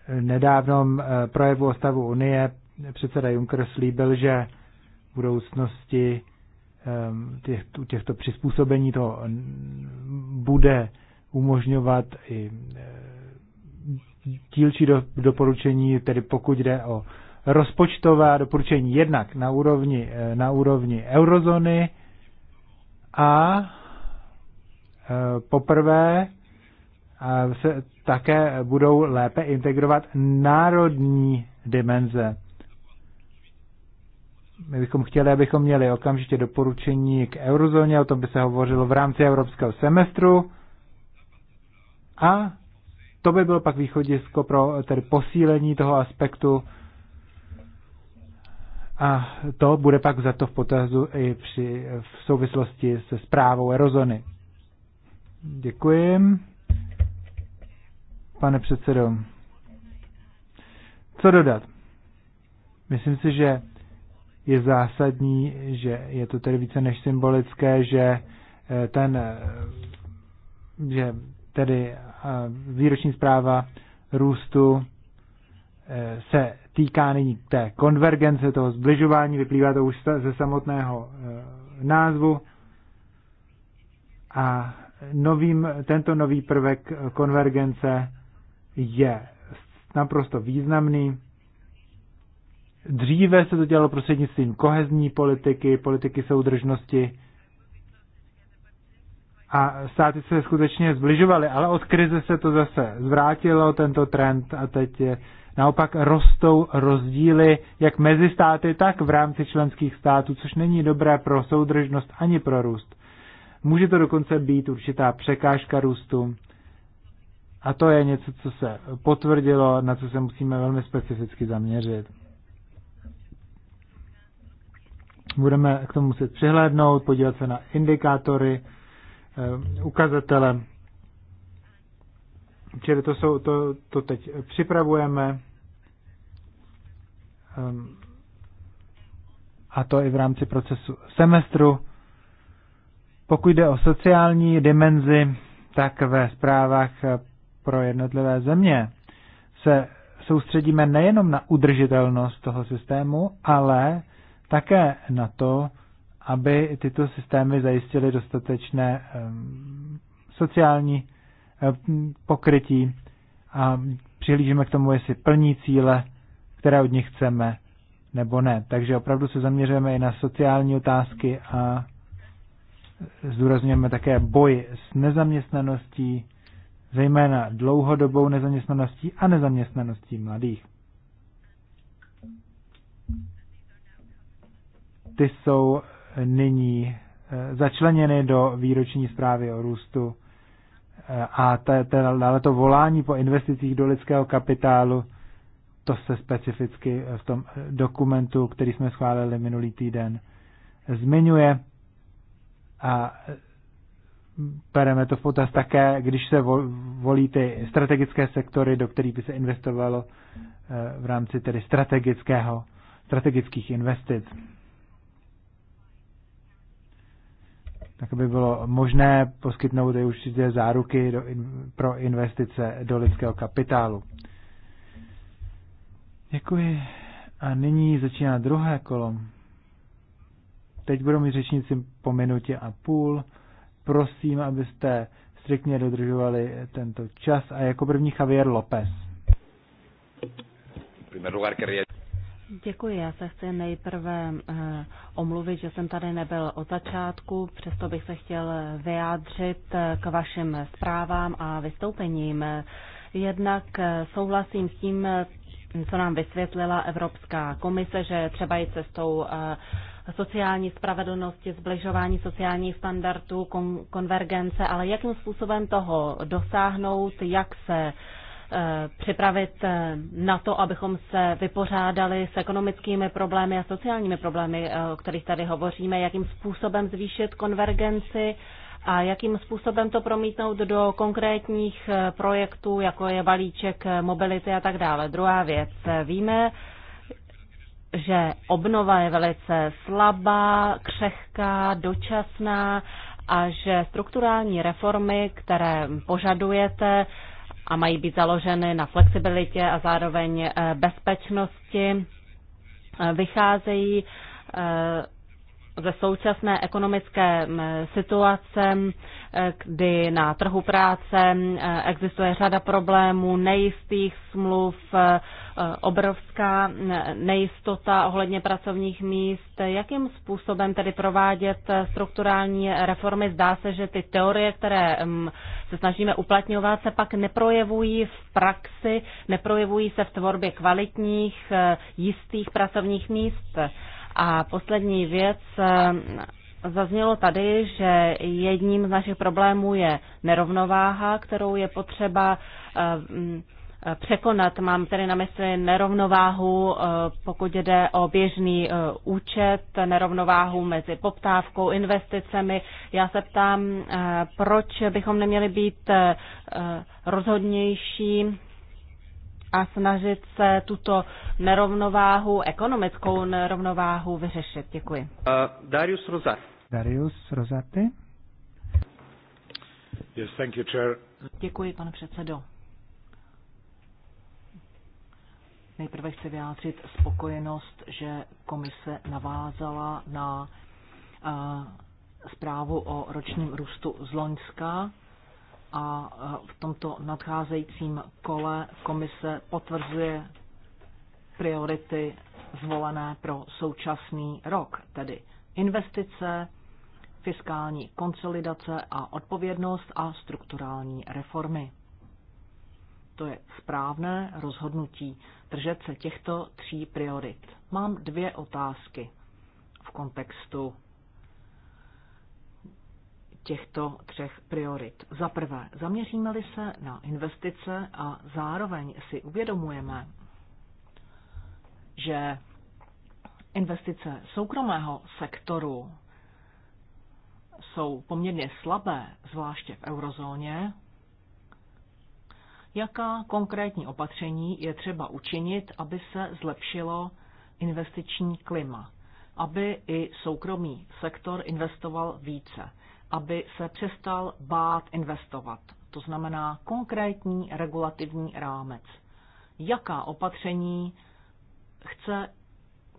V nedávnom eh, projevu o stavu Unie předseda Juncker slíbil, že v budoucnosti um, těch, těchto přizpůsobení to bude umožňovat i uh, dílčí do, doporučení, tedy pokud jde o rozpočtová doporučení jednak na úrovni, eh, na úrovni eurozóny a eh, poprvé eh, se také budou lépe integrovat národní dimenze. My bychom chtěli, abychom měli okamžitě doporučení k eurozóně, o tom by se hovořilo v rámci evropského semestru a to by bylo pak východisko pro tedy posílení toho aspektu a to bude pak za to v potazu i při, v souvislosti se zprávou erozony. Děkuji. Pane předsedo, co dodat? Myslím si, že je zásadní, že je to tedy více než symbolické, že eh, ten, eh, že tedy výroční zpráva růstu e, se týká nyní té konvergence, toho zbližování, vyplývá to už ze samotného e, názvu. A novým, tento nový prvek konvergence je naprosto významný. Dříve se to dělalo prostřednictvím kohezní politiky, politiky soudržnosti, a státy se skutečně zbližovaly, ale od krize se to zase zvrátilo, tento trend a teď je, naopak rostou rozdíly jak mezi státy, tak v rámci členských států, což není dobré pro soudržnost ani pro růst. Může to dokonce být určitá překážka růstu. A to je něco, co se potvrdilo, na co se musíme velmi specificky zaměřit. Budeme k tomu muset přihlédnout, podívat se na indikátory, Eh, ukazatele. Čili to, jsou, to, to teď připravujeme ehm, a to i v rámci procesu semestru. Pokud jde o sociální dimenzi, tak ve zprávách eh, pro jednotlivé země se soustředíme nejenom na udržitelnost toho systému, ale také na to, aby tyto systémy zajistily dostatečné sociální pokrytí a přihlížíme k tomu, jestli plní cíle, které od nich chceme nebo ne. Takže opravdu se zaměřujeme i na sociální otázky a zdůrazňujeme také boj s nezaměstnaností, zejména dlouhodobou nezaměstnaností a nezaměstnaností mladých. Ty jsou nyní eh, začleněny do výroční zprávy o růstu eh, a dále to volání po investicích do lidského kapitálu, to se specificky v tom eh, dokumentu, který jsme schválili minulý týden, zmiňuje a bereme to v potaz také, když se volí ty strategické sektory, do kterých by se investovalo v rámci tedy strategického, strategických investic. tak by bylo možné poskytnout i určitě záruky do, pro investice do lidského kapitálu. Děkuji. A nyní začíná druhé kolo. Teď budou mít řečníci po minutě a půl. Prosím, abyste striktně dodržovali tento čas. A jako první Javier López.
Děkuji, já se chci nejprve eh, omluvit, že jsem tady nebyl od začátku, přesto bych se chtěl vyjádřit eh, k vašim zprávám a vystoupením. Jednak eh, souhlasím s tím, co nám vysvětlila Evropská komise, že třeba i cestou sociální spravedlnosti, zbližování sociálních standardů, konvergence, ale jakým způsobem toho dosáhnout, jak se uh, Eh, připravit eh, na to, abychom se vypořádali s ekonomickými problémy a sociálními problémy, eh, o kterých tady hovoříme, jakým způsobem zvýšit konvergenci a jakým způsobem to promítnout do konkrétních projektů, jako je balíček mobility a tak dále. Druhá věc. Víme, že obnova je velice slabá, křehká, dočasná a že strukturální reformy, které požadujete, a mají být založeny na flexibilitě a zároveň eh, bezpečnosti, eh, vycházejí eh, ze současné ekonomické situace, kdy na trhu práce existuje řada problémů, nejistých smluv, e, obrovská nejistota ohledně pracovních míst. Jakým způsobem tedy provádět strukturální reformy? Zdá se, že ty teorie, které se snažíme uplatňovat, se pak neprojevují v praxi, neprojevují se v tvorbě kvalitních, e, jistých pracovních míst. A poslední věc, eh, Zaznělo tady, že jedním z našich problémů je nerovnováha, kterou je potřeba eh, mm, eh, překonat. Mám tedy na mysli nerovnováhu, pokud jde o běžný účet, nerovnováhu mezi poptávkou, investicemi. Já se ptám, proč bychom neměli být rozhodnější a snažit se tuto nerovnováhu, ekonomickou nerovnováhu vyřešit. Děkuji.
Uh, Darius Rozat. Darius Rozaty. Yes, thank you, chair.
Děkuji, pane předsedo. Nejprve chci vyjádřit spokojenost, že komise navázala na uh, zprávu o ročním růstu z Loňska a v tomto nadcházejícím kole komise potvrzuje priority zvolené pro současný rok, tedy investice, fiskální konsolidace a odpovědnost a strukturální reformy. To je správné rozhodnutí držet se těchto tří priorit. Mám dvě otázky v kontextu těchto třech priorit. Za prvé, zaměříme-li se na investice a zároveň si uvědomujeme, že investice soukromého sektoru jsou poměrně slabé, zvláště v eurozóně, jaká konkrétní opatření je třeba učinit, aby se zlepšilo investiční klima, aby i soukromý sektor investoval více aby se přestal bát investovat. To znamená konkrétní regulativní rámec. Jaká opatření chce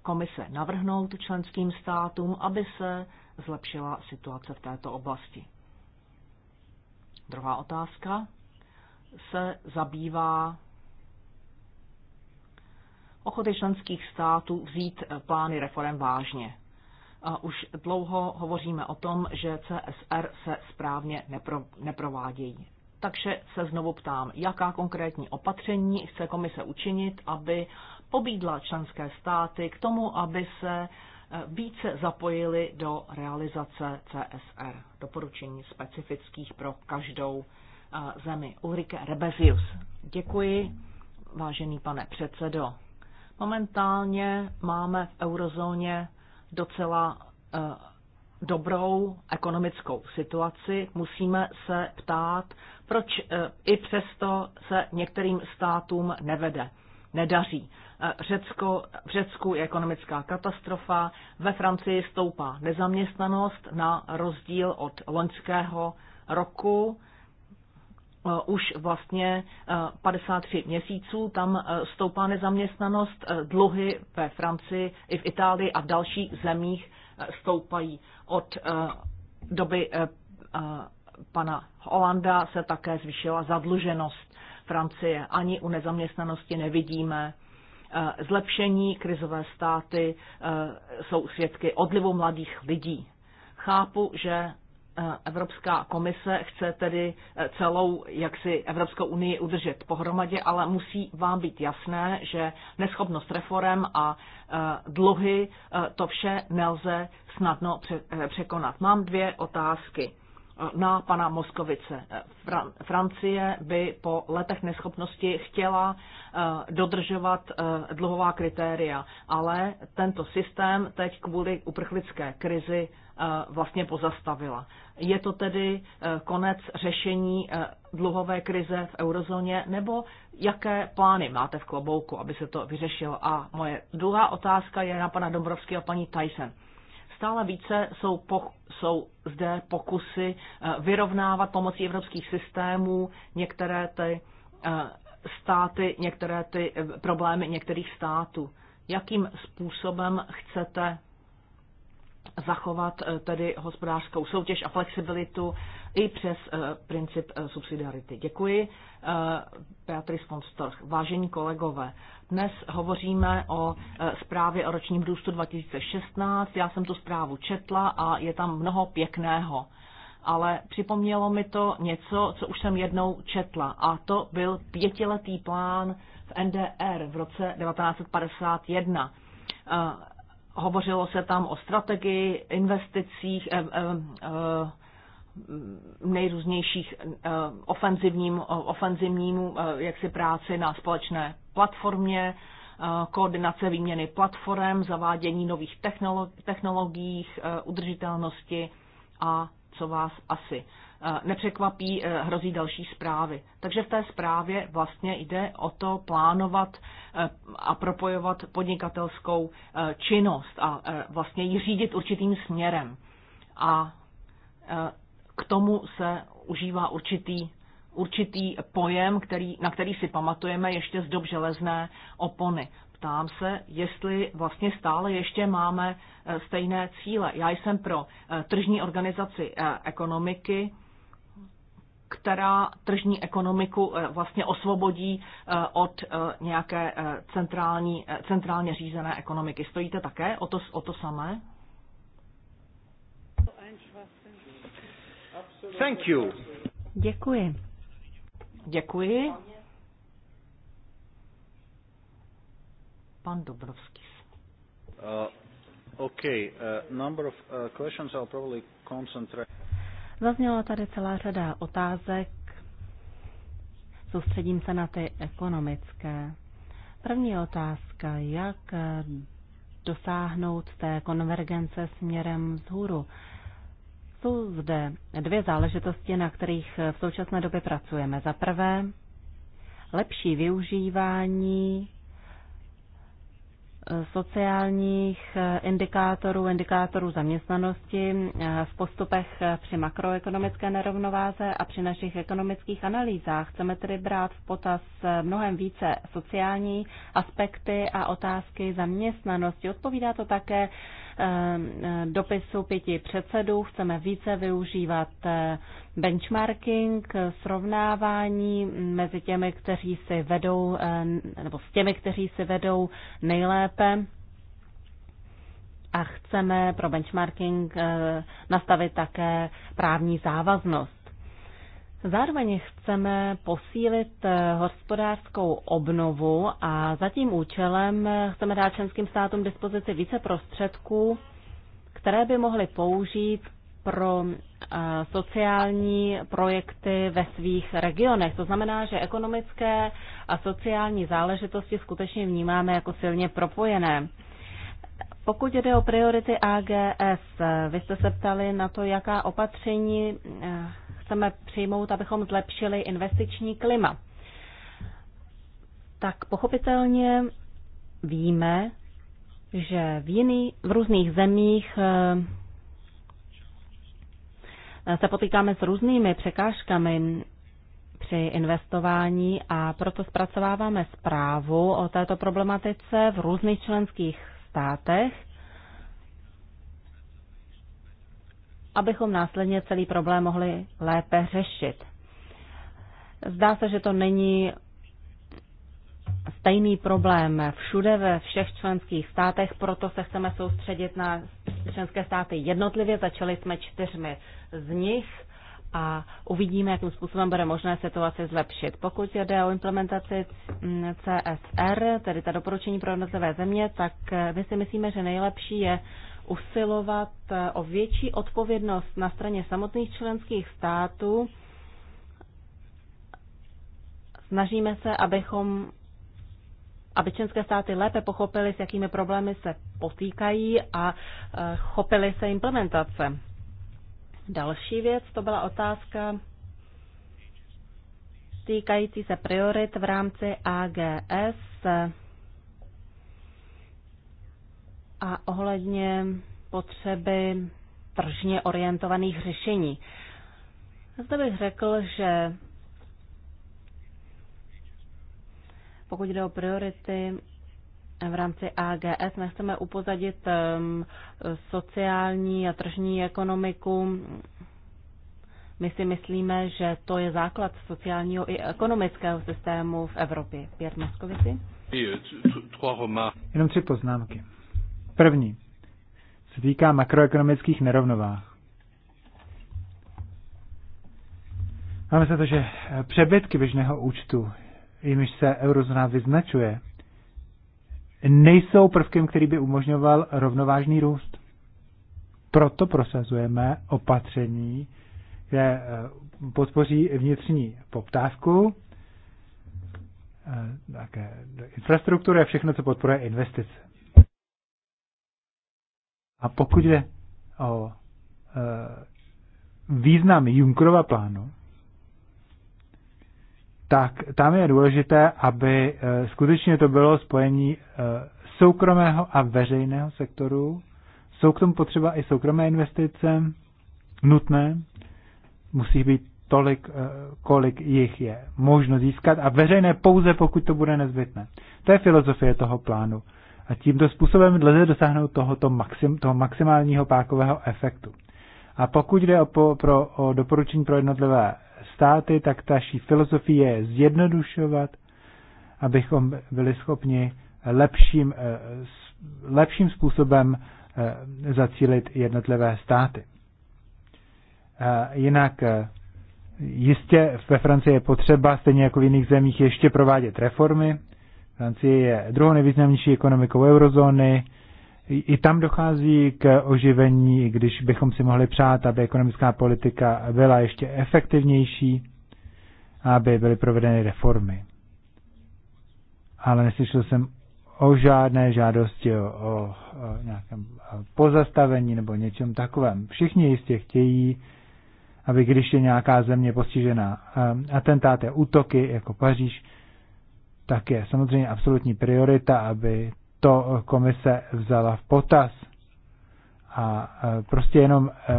komise navrhnout členským státům, aby se zlepšila situace v této oblasti? Druhá otázka se zabývá ochoty členských států vzít plány reform vážně. A už dlouho hovoříme o tom, že CSR se správně nepro, neprovádějí. Takže se znovu ptám, jaká konkrétní opatření chce komise učinit, aby pobídla členské státy k tomu, aby se eh, více zapojili do realizace CSR, doporučení specifických pro každou eh, zemi. Ulrike Rebezius. Děkuji, vážený pane předsedo. Momentálně máme v eurozóně docela eh, dobrou ekonomickou situaci, musíme se ptát, proč eh, i přesto se některým státům nevede, nedaří. Eh, Řecko, v Řecku je ekonomická katastrofa, ve Francii stoupá nezaměstnanost na rozdíl od loňského roku Eh, už vlastně 53 eh, měsíců. Tam eh, stoupá nezaměstnanost, dluhy ve Francii i v Itálii a v dalších zemích stoupají. Od doby pana Holanda se také zvýšila zadluženost Francie. Ani u nezaměstnanosti nevidíme zlepšení. Krizové státy jsou svědky odlivu mladých lidí. Chápu, že Eh, Evropská komise chce tedy eh, celou jaksi Evropskou unii udržet pohromadě, ale musí vám být jasné, že neschopnost reform a eh, dluhy to vše nelze snadno překonat. Mám dvě otázky na pana Moskovice. Francie by po letech neschopnosti chtěla dodržovat dluhová kritéria, ale tento systém teď kvůli uprchlické krizi Eh, vlastně pozastavila. Je to tedy eh, konec řešení eh, dluhové krize v eurozóně, nebo jaké plány máte v klobouku, aby se to vyřešilo? A moje druhá otázka je na pana Dombrovského a paní Tyson stále více jsou, po, jsou zde pokusy vyrovnávat pomocí evropských systémů některé ty státy, některé ty problémy některých států. Jakým způsobem chcete zachovat eh, tedy hospodářskou soutěž a flexibilitu i přes eh, princip eh, subsidiarity. Děkuji, Beatrice von Storch. Vážení kolegové, dnes hovoříme o zprávě o ročním růstu 2016. Já jsem tu zprávu četla a je tam mnoho pěkného ale připomnělo mi to něco, co už jsem jednou četla, a to byl pětiletý plán v NDR v roce 1951 Hovořilo se tam o strategii, investicích, eh, eh, eh, nejrůznějších ofenzivním, ofenzivnímu jaksi práci na společné platformě, koordinace výměny platform, zavádění nových technologií, udržitelnosti a co vás asi Eh, nepřekvapí, eh, hrozí další zprávy. Takže v té zprávě vlastně jde o to plánovat eh, a propojovat podnikatelskou činnost a vlastně ji řídit určitým směrem. A k tomu se užívá určitý, určitý pojem, který, na který si pamatujeme ještě z dob železné opony. Ptám se, jestli vlastně stále ještě máme stejné cíle. Já jsem pro tržní organizaci ekonomiky, která tržní ekonomiku eh, vlastně osvobodí eh, od eh, nějaké centrální, centrálně řízené ekonomiky. Stojíte také o to, o to samé?
Thank you. Děkuji.
Děkuji. Pan Dobrovský.
Uh, okay, uh, number of uh, questions I'll probably concentrate.
Zazněla tady celá řada otázek. Soustředím se na ty ekonomické. První otázka, jak dosáhnout té konvergence směrem vzhůru. Jsou zde dvě záležitosti, na kterých v současné době pracujeme. Za prvé, lepší využívání sociálních eh, indikátorů, indikátorů zaměstnanosti eh, v postupech eh, při makroekonomické nerovnováze a při našich ekonomických analýzách. Chceme tedy brát v potaz mnohem více sociální aspekty a otázky zaměstnanosti. Odpovídá to také dopisu pěti předsedů. Chceme více využívat eh, benchmarking, eh, srovnávání mezi těmi, kteří si vedou, eh, nebo s těmi, kteří si vedou nejlépe a chceme pro benchmarking nastavit také právní závaznost. Zároveň chceme posílit eh, hospodářskou obnovu a za tím účelem eh, chceme dát členským státům dispozici více prostředků, které by mohly použít pro eh, sociální projekty ve svých regionech. To znamená, že ekonomické a sociální záležitosti skutečně vnímáme jako silně propojené. Pokud jde o priority AGS, vy jste se ptali na to, jaká opatření chceme přijmout, abychom zlepšili investiční klima. Tak pochopitelně víme, že v, jiný, v různých zemích eh, se potýkáme s různými překážkami při investování a proto zpracováváme zprávu o této problematice v různých členských státech abychom následně celý problém mohli lépe řešit. Zdá se, že to není stejný problém všude ve všech členských státech, proto se chceme soustředit na členské státy jednotlivě. Začali jsme čtyřmi z nich a uvidíme, jakým způsobem bude možné situaci zlepšit. Pokud jde o implementaci CSR, tedy ta doporučení pro jednotlivé země, tak my si myslíme, že nejlepší je usilovat eh, o větší odpovědnost na straně samotných členských států. Snažíme se, abychom aby členské státy lépe pochopili, s jakými problémy se potýkají a eh, chopili se implementace. Další věc, to byla otázka týkající se priorit v rámci AGS a ohledně potřeby tržně orientovaných řešení. Zde bych řekl, že pokud jde o priority v rámci AGS, nechceme upozadit sociální a tržní ekonomiku. My si myslíme, že to je základ sociálního i ekonomického systému v Evropě. Pět Moskovici?
Jenom tři poznámky. První se týká makroekonomických nerovnovách. Máme se to, že eh, přebytky běžného účtu, jimž se eurozóna vyznačuje, nejsou prvkem, který by umožňoval rovnovážný růst. Proto prosazujeme opatření, které eh, podpoří vnitřní poptávku, eh, také infrastruktury a všechno, co podporuje investice. A pokud jde o e, význam Junkrova plánu, tak tam je důležité, aby e, skutečně to bylo spojení e, soukromého a veřejného sektoru. Jsou k tomu potřeba i soukromé investice, nutné, musí být tolik, kolik jich je možno získat a veřejné pouze, pokud to bude nezbytné. To je filozofie toho plánu. A tímto způsobem lze dosáhnout tohoto maxim, toho maximálního pákového efektu. A pokud jde o, po, pro, o doporučení pro jednotlivé státy, tak taší filozofie je zjednodušovat, abychom byli schopni lepším, eh, lepším způsobem eh, zacílit jednotlivé státy. Eh, jinak jistě ve Francii je potřeba, stejně jako v jiných zemích, ještě provádět reformy, Francie je druhou nejvýznamnější ekonomikou eurozóny. I tam dochází k oživení, i když bychom si mohli přát, aby ekonomická politika byla ještě efektivnější, aby byly provedeny reformy. Ale neslyšel jsem o žádné žádosti o, o, o nějakém pozastavení nebo něčem takovém. Všichni jistě chtějí, aby když je nějaká země postižena ehm, atentáty, útoky jako Paříž, tak je samozřejmě absolutní priorita, aby to komise vzala v potaz. A e, prostě jenom e,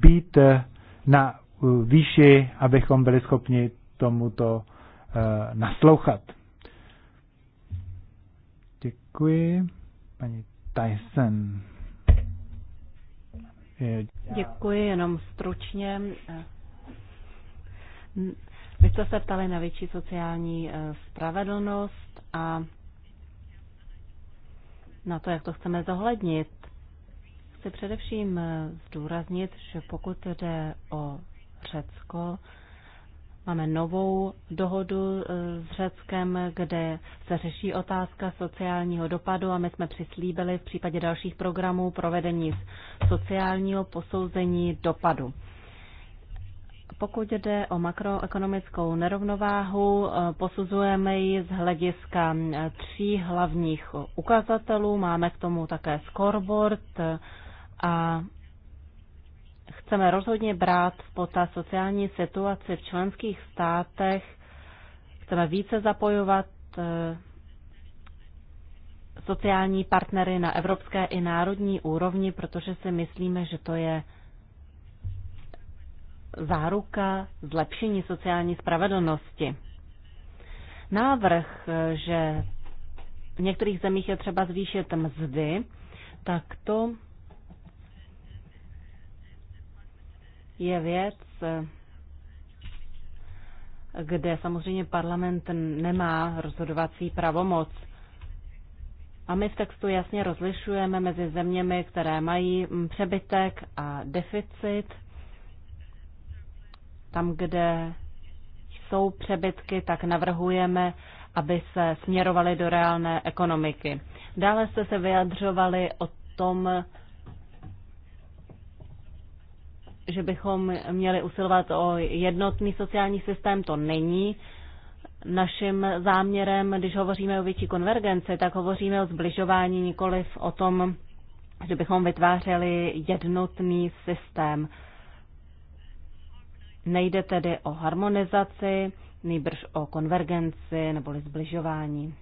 být na výši, abychom byli schopni tomuto e, naslouchat. Děkuji. Paní Tyson.
Děkuji, jenom stručně. Vy jste se ptali na větší sociální eh, spravedlnost a na to, jak to chceme zohlednit. Chci především eh, zdůraznit, že pokud jde o Řecko, máme novou dohodu eh, s Řeckem, kde se řeší otázka sociálního dopadu a my jsme přislíbili v případě dalších programů provedení sociálního posouzení dopadu. Pokud jde o makroekonomickou nerovnováhu, eh, posuzujeme ji z hlediska eh, tří hlavních ukazatelů. Máme k tomu také scoreboard eh, a chceme rozhodně brát v potaz sociální situaci v členských státech. Chceme více zapojovat sociální partnery na evropské i národní úrovni, protože si myslíme, že to je záruka zlepšení sociální spravedlnosti. Návrh, že v některých zemích je třeba zvýšit mzdy, tak to je věc, kde samozřejmě parlament nemá rozhodovací pravomoc. A my v textu jasně rozlišujeme mezi zeměmi, které mají přebytek a deficit tam, kde jsou přebytky, tak navrhujeme, aby se směrovaly do reálné ekonomiky. Dále jste se vyjadřovali o tom, že bychom měli usilovat o jednotný sociální systém, to není naším záměrem, když hovoříme o větší konvergenci, tak hovoříme o zbližování nikoliv o tom, že bychom vytvářeli jednotný systém. Nejde tedy o harmonizaci, nejbrž o konvergenci neboli zbližování.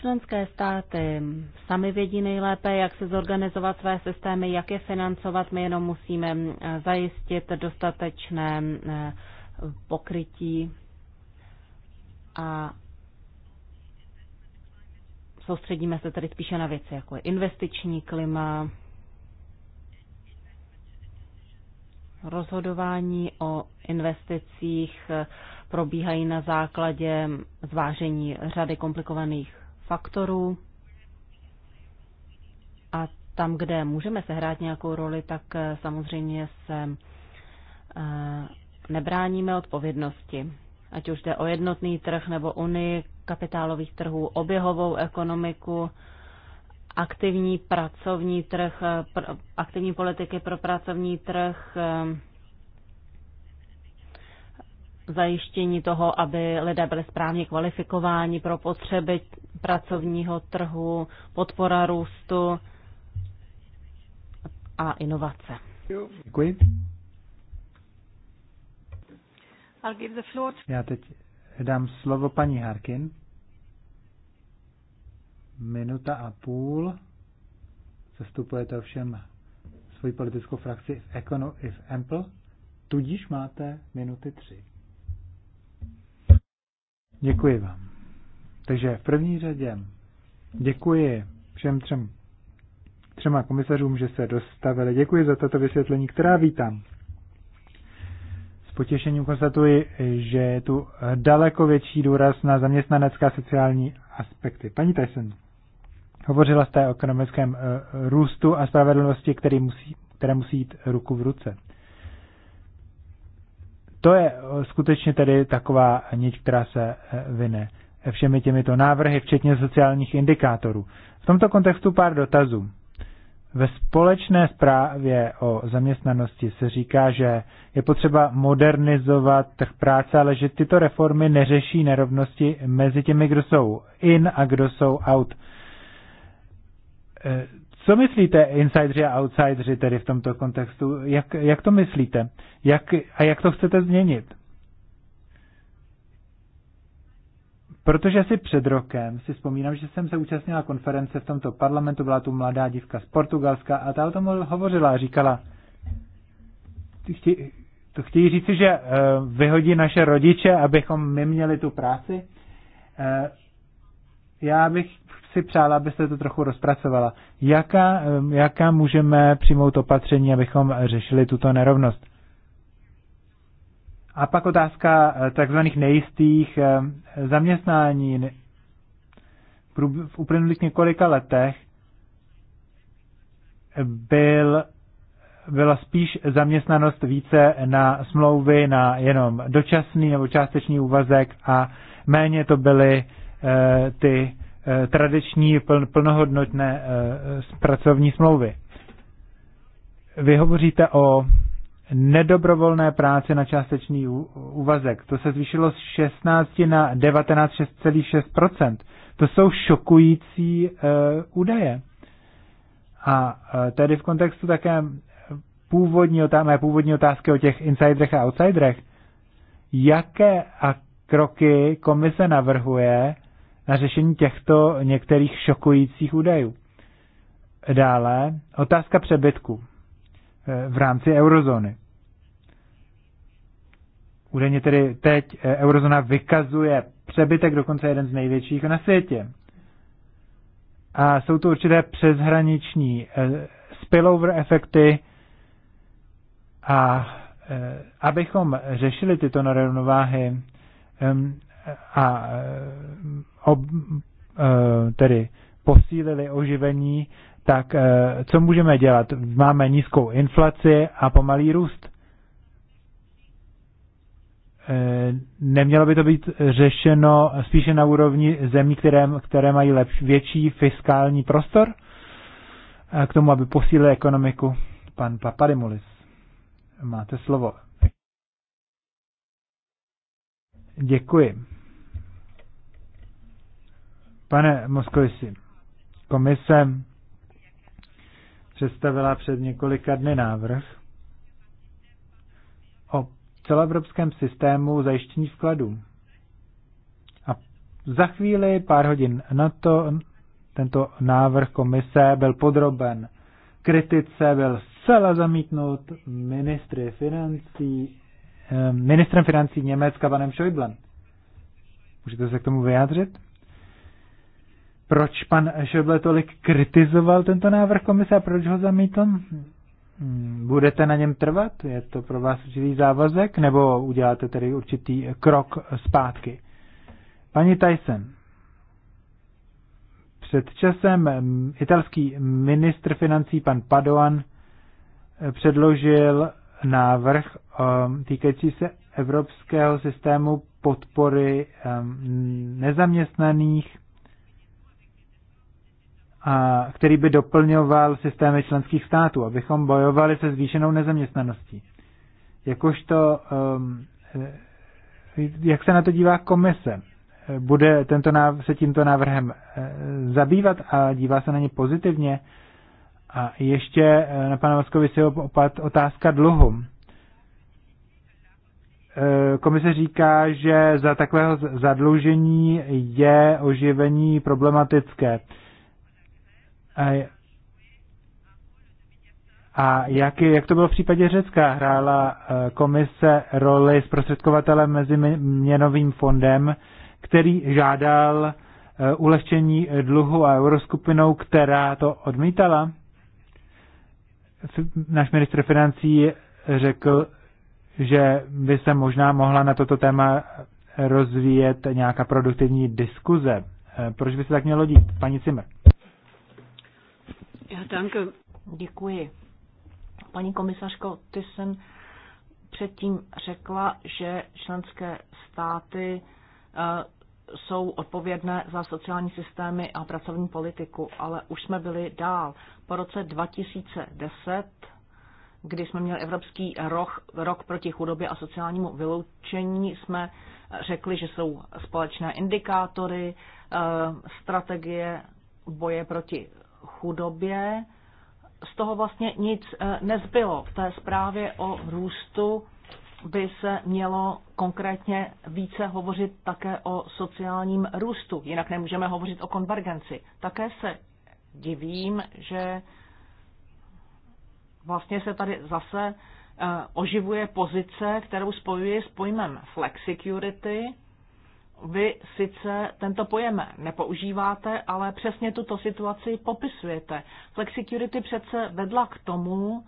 Členské státy sami vědí nejlépe, jak se zorganizovat své systémy, jak je financovat. My jenom musíme eh, zajistit dostatečné eh, pokrytí a soustředíme se tedy spíše na věci, jako je investiční klima, Rozhodování o investicích probíhají na základě zvážení řady komplikovaných faktorů a tam, kde můžeme sehrát nějakou roli, tak eh, samozřejmě se eh, nebráníme odpovědnosti. Ať už jde o jednotný trh nebo unii kapitálových trhů, oběhovou ekonomiku, aktivní pracovní trh, eh, aktivní politiky pro pracovní trh, eh, zajištění toho, aby lidé byli správně kvalifikováni pro potřeby pracovního trhu, podpora růstu a inovace.
Děkuji.
Já teď dám slovo paní Harkin minuta a půl. Zastupujete ovšem svoji politickou frakci v Econo i v Ample, tudíž máte minuty tři. Děkuji vám. Takže v první řadě děkuji všem třem třema komisařům, že se dostavili. Děkuji za tato vysvětlení, která vítám. S potěšením konstatuji, že je tu daleko větší důraz na zaměstnanecká sociální aspekty. Paní Tyson, Hovořila jste o ekonomickém eh, růstu a spravedlnosti, který musí, které musí jít ruku v ruce. To je eh, skutečně tedy taková niť, která se eh, vyne všemi těmito návrhy, včetně sociálních indikátorů. V tomto kontextu pár dotazů. Ve společné zprávě o zaměstnanosti se říká, že je potřeba modernizovat trh práce, ale že tyto reformy neřeší nerovnosti mezi těmi, kdo jsou in a kdo jsou out. Eh, co myslíte, insidři a outsidři tedy v tomto kontextu? Jak, jak to myslíte? Jak, a jak to chcete změnit? Protože si před rokem, si vzpomínám, že jsem se účastnila konference v tomto parlamentu, byla tu mladá dívka z Portugalska a ta o tom hovořila a říkala, to chtějí říci, že eh, vyhodí naše rodiče, abychom my měli tu práci. Eh, já bych si přála, abyste to trochu rozpracovala. Jaká, jaká můžeme přijmout opatření, abychom řešili tuto nerovnost? A pak otázka eh, takzvaných nejistých zaměstnání. V uplynulých několika letech byl, byla spíš zaměstnanost více na smlouvy, na jenom dočasný nebo částečný úvazek a méně to byly eh, ty Eh, tradiční plnohodnotné eh, pracovní smlouvy. Vy hovoříte o nedobrovolné práci na částečný úvazek. To se zvýšilo z 16 na 19,6%. To jsou šokující eh, údaje. A tedy v kontextu také původní otázky, mé původní otázky o těch insiderech a outsiderech, jaké a kroky komise navrhuje, na řešení těchto některých šokujících údajů. Dále otázka přebytku eh, v rámci eurozóny. Údajně tedy teď eh, eurozóna vykazuje přebytek, dokonce jeden z největších na světě. A jsou tu určité přeshraniční eh, spillover efekty a abychom řešili tyto nerovnováhy, a e, ob, e, tedy posílili oživení, tak e, co můžeme dělat? Máme nízkou inflaci a pomalý růst. Nemělo by to být řešeno spíše na úrovni zemí, které, které mají lepší větší fiskální prostor k tomu, aby posílili ekonomiku? Pan Papadimulis, máte slovo. Děkuji. Pane Moskovisi, komise představila před několika dny návrh o celoevropském systému zajištění vkladů. A za chvíli, pár hodin na to, tento návrh komise byl podroben kritice, byl zcela zamítnut ministry financí, eh, ministrem financí Německa panem Schäublem. Můžete se k tomu vyjádřit? proč pan Šeble tolik kritizoval tento návrh komise a proč ho zamítl? Budete na něm trvat? Je to pro vás určitý závazek? Nebo uděláte tedy určitý krok zpátky? Paní Tyson, před časem italský ministr financí pan Padoan předložil návrh ehm, týkající se evropského systému podpory ehm, nezaměstnaných a který by doplňoval systémy členských států, abychom bojovali se zvýšenou nezaměstnaností. Jakožto, um, eh, jak se na to dívá komise? Bude tento návrh, se tímto návrhem eh, zabývat a dívá se na ně pozitivně? A ještě eh, na pana Voskovi si opat otázka dluhu. Komise říká, že za takového zadlužení je oživení problematické a, a jak, jak to bylo v případě Řecka? Hrála eh, komise roli zprostředkovatele mezi měnovým fondem, který žádal eh, ulehčení dluhu a euroskupinou, která to odmítala? Náš ministr financí řekl, že by se možná mohla na toto téma rozvíjet nějaká produktivní diskuze. Eh, proč by se tak mělo dít, paní Cimer?
Já danke. Děkuji. Paní komisařko, ty jsem předtím řekla, že členské státy eh, jsou odpovědné za sociální systémy a pracovní politiku, ale už jsme byli dál. Po roce 2010, kdy jsme měli Evropský rok, rok proti chudobě a sociálnímu vyloučení, jsme řekli, že jsou společné indikátory, eh, strategie boje proti chudobě. Z toho vlastně nic eh, nezbylo. V té zprávě o růstu by se mělo konkrétně více hovořit také o sociálním růstu, jinak nemůžeme hovořit o konvergenci. Také se divím, že vlastně se tady zase eh, oživuje pozice, kterou spojuje s pojmem flexicurity, vy sice tento pojem nepoužíváte, ale přesně tuto situaci popisujete. Flexicurity přece vedla k tomu,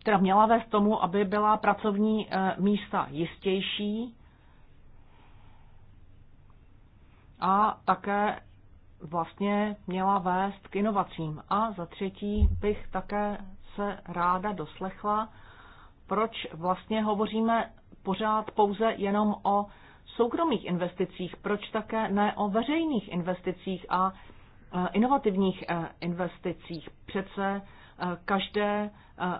která měla vést tomu, aby byla pracovní eh, místa jistější a také vlastně měla vést k inovacím. A za třetí bych také se ráda doslechla, proč vlastně hovoříme pořád pouze jenom o soukromých investicích, proč také ne o veřejných investicích a e, inovativních e, investicích. Přece e, každé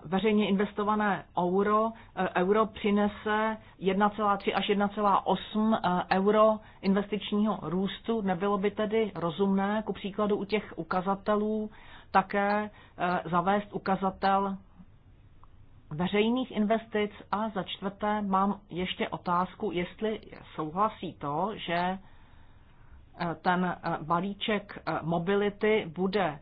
veřejně investované euro, euro přinese 1,3 až 1,8 euro investičního růstu. Nebylo by tedy rozumné, ku příkladu u těch ukazatelů, také zavést ukazatel veřejných investic a za čtvrté mám ještě otázku, jestli souhlasí to, že eh, ten eh, balíček eh, mobility bude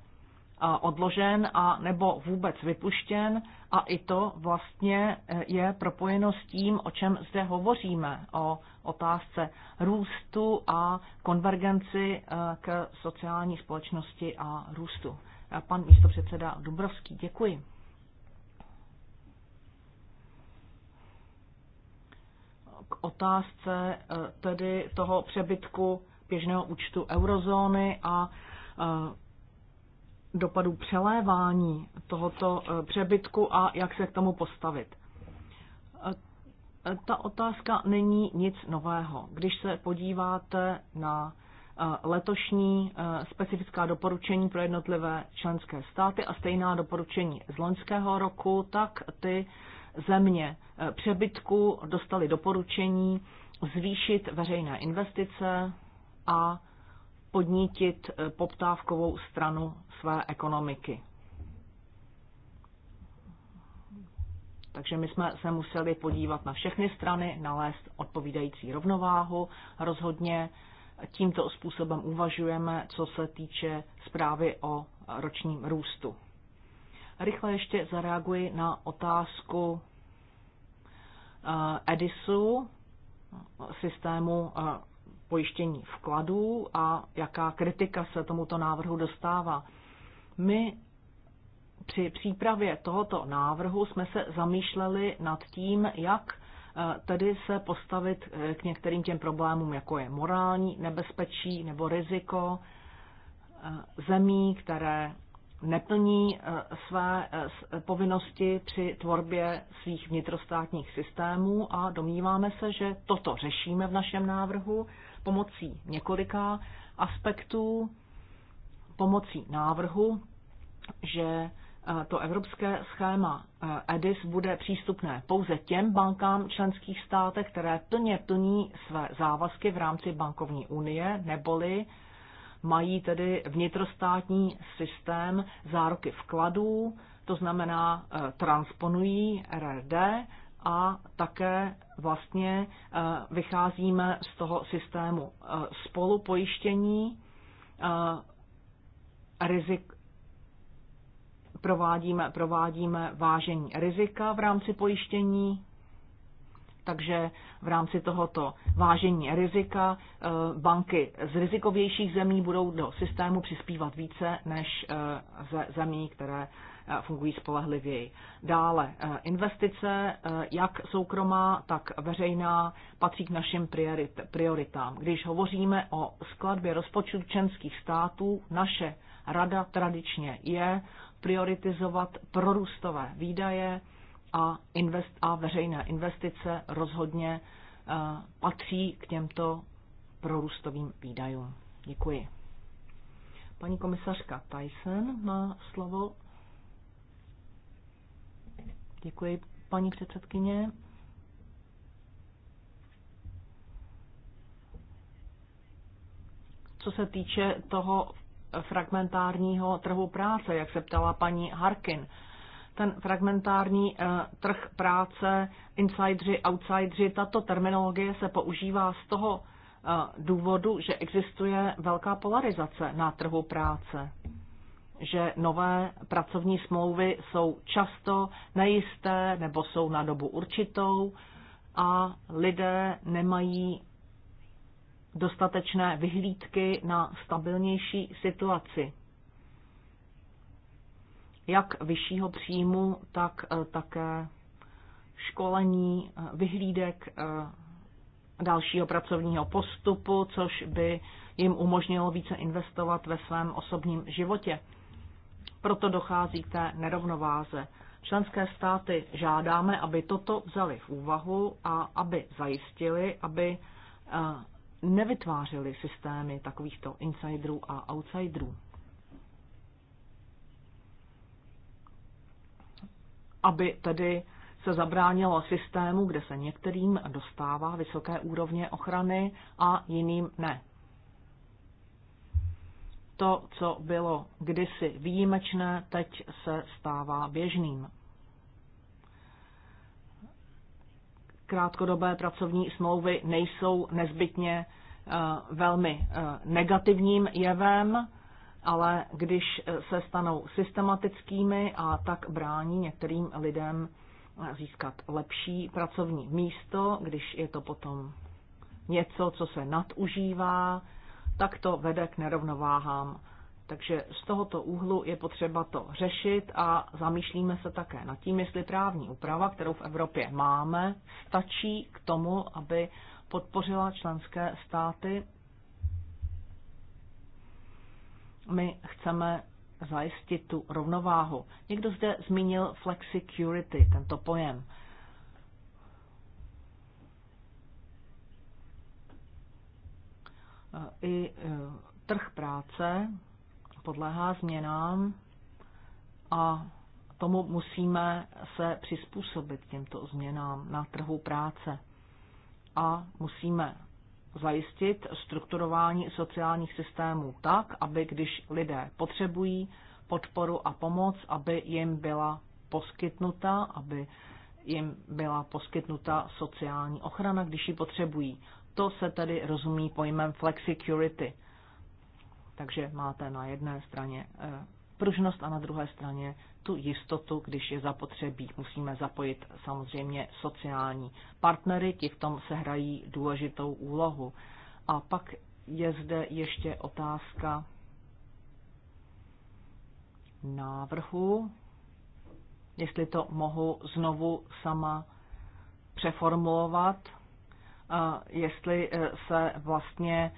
odložen a nebo vůbec vypuštěn a i to vlastně je propojeno s tím, o čem zde hovoříme, o otázce růstu a konvergenci k sociální společnosti a růstu. Pan místopředseda Dubrovský, děkuji. otázce e, tedy toho přebytku běžného účtu eurozóny a e, dopadů přelévání tohoto e, přebytku a jak se k tomu postavit. Ta otázka není nic nového. Když se podíváte na letošní specifická doporučení pro jednotlivé členské státy a stejná doporučení z loňského roku, tak ty země eh, přebytku dostali doporučení zvýšit veřejné investice a podnítit eh, poptávkovou stranu své ekonomiky. Takže my jsme se museli podívat na všechny strany, nalézt odpovídající rovnováhu. Rozhodně tímto způsobem uvažujeme, co se týče zprávy o ročním růstu. Rychle ještě zareaguji na otázku eh, EDISu, systému eh, pojištění vkladů a jaká kritika se tomuto návrhu dostává. My při přípravě tohoto návrhu jsme se zamýšleli nad tím, jak eh, tedy se postavit k některým těm problémům, jako je morální nebezpečí nebo riziko zemí, které neplní eh, své eh, eh, povinnosti při tvorbě svých vnitrostátních systémů a domníváme se, že toto řešíme v našem návrhu pomocí několika aspektů, pomocí návrhu, že to evropské schéma EDIS bude přístupné pouze těm bankám členských státech, které plně plní své závazky v rámci bankovní unie, neboli mají tedy vnitrostátní systém záruky vkladů, to znamená eh, transponují RRD a také vlastně eh, vycházíme z toho systému eh, spolupojištění, rizik, provádíme, provádíme vážení rizika v rámci pojištění takže v rámci tohoto vážení rizika eh, banky z rizikovějších zemí budou do systému přispívat více než eh, ze zemí, které eh, fungují spolehlivěji. Dále investice, jak soukromá, tak veřejná, patří k našim prioritám. Když hovoříme o skladbě rozpočtu členských států, naše rada tradičně je prioritizovat prorůstové výdaje, a, invest, a veřejné investice rozhodně eh, patří k těmto prorůstovým výdajům. Děkuji. Paní komisařka Tyson má slovo. Děkuji, paní předsedkyně. Co se týče toho fragmentárního trhu práce, jak se ptala paní Harkin, ten fragmentární eh, trh práce, insidři, outsidři, tato terminologie se používá z toho eh, důvodu, že existuje velká polarizace na trhu práce že nové pracovní smlouvy jsou často nejisté nebo jsou na dobu určitou a lidé nemají dostatečné vyhlídky na stabilnější situaci jak vyššího příjmu, tak eh, také školení, eh, vyhlídek eh, dalšího pracovního postupu, což by jim umožnilo více investovat ve svém osobním životě. Proto dochází k té nerovnováze. Členské státy žádáme, aby toto vzali v úvahu a aby zajistili, aby nevytvářely systémy takovýchto insiderů a outsiderů. aby tedy se zabránilo systému, kde se některým dostává vysoké úrovně ochrany a jiným ne. To, co bylo kdysi výjimečné, teď se stává běžným. Krátkodobé pracovní smlouvy nejsou nezbytně eh, velmi eh, negativním jevem, ale když se stanou systematickými a tak brání některým lidem získat lepší pracovní místo, když je to potom něco, co se nadužívá, tak to vede k nerovnováhám. Takže z tohoto úhlu je potřeba to řešit a zamýšlíme se také nad tím, jestli právní úprava, kterou v Evropě máme, stačí k tomu, aby podpořila členské státy my chceme zajistit tu rovnováhu. Někdo zde zmínil flexicurity, tento pojem. I e, trh práce podléhá změnám a tomu musíme se přizpůsobit těmto změnám na trhu práce. A musíme zajistit strukturování sociálních systémů tak, aby když lidé potřebují podporu a pomoc, aby jim byla poskytnuta, aby jim byla poskytnuta sociální ochrana, když ji potřebují. To se tedy rozumí pojmem flexicurity. Takže máte na jedné straně eh, pružnost a na druhé straně tu jistotu, když je zapotřebí. Musíme zapojit samozřejmě sociální partnery, ti v tom sehrají důležitou úlohu. A pak je zde ještě otázka návrhu, jestli to mohu znovu sama přeformulovat, jestli e, se vlastně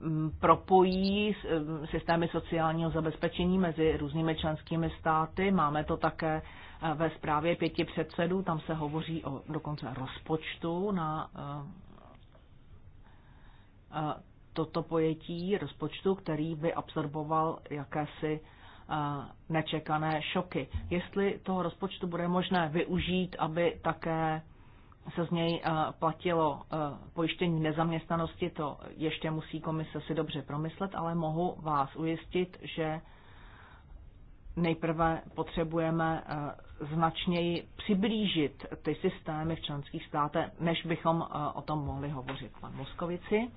Mm, propojí mm, systémy sociálního zabezpečení mezi různými členskými státy. Máme to také e, ve zprávě pěti předsedů, tam se hovoří o dokonce rozpočtu na e, e, toto pojetí rozpočtu, který by absorboval jakési nečekané šoky. Jestli toho rozpočtu bude možné využít, aby také se z něj eh, platilo eh, pojištění nezaměstnanosti, to ještě musí komise si dobře promyslet, ale mohu vás ujistit, že nejprve potřebujeme eh, značněji přiblížit ty systémy v členských státech, než bychom o tom mohli hovořit. Pan Moskovici.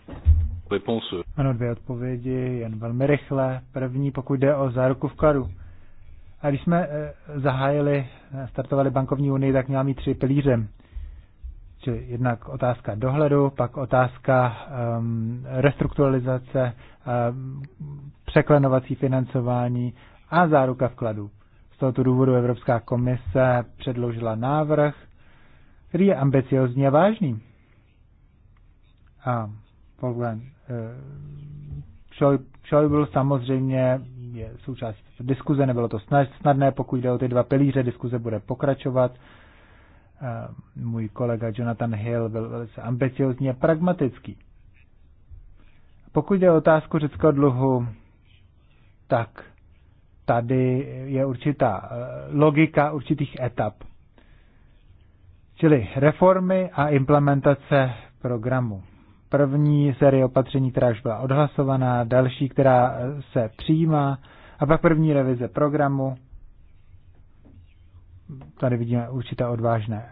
Ano, dvě odpovědi, jen velmi rychle. První, pokud jde o záruku vkladu. A když jsme zahájili, startovali bankovní unii, tak měla mít tři pilíře. Čili jednak otázka dohledu, pak otázka um, restrukturalizace, um, překlenovací financování a záruka vkladů. Z tohoto důvodu Evropská komise předložila návrh, který je ambiciozní a vážný. A Šoj byl eh, samozřejmě je součástí diskuze, nebylo to snadné, pokud jde o ty dva pilíře, diskuze bude pokračovat můj kolega Jonathan Hill byl velice ambiciozní a pragmatický. Pokud je o otázku řeckého dluhu, tak tady je určitá eh, logika určitých etap. Čili reformy a implementace programu. První série opatření, která už byla odhlasovaná, další, která eh, se přijímá, a pak první revize programu tady vidíme určité odvážné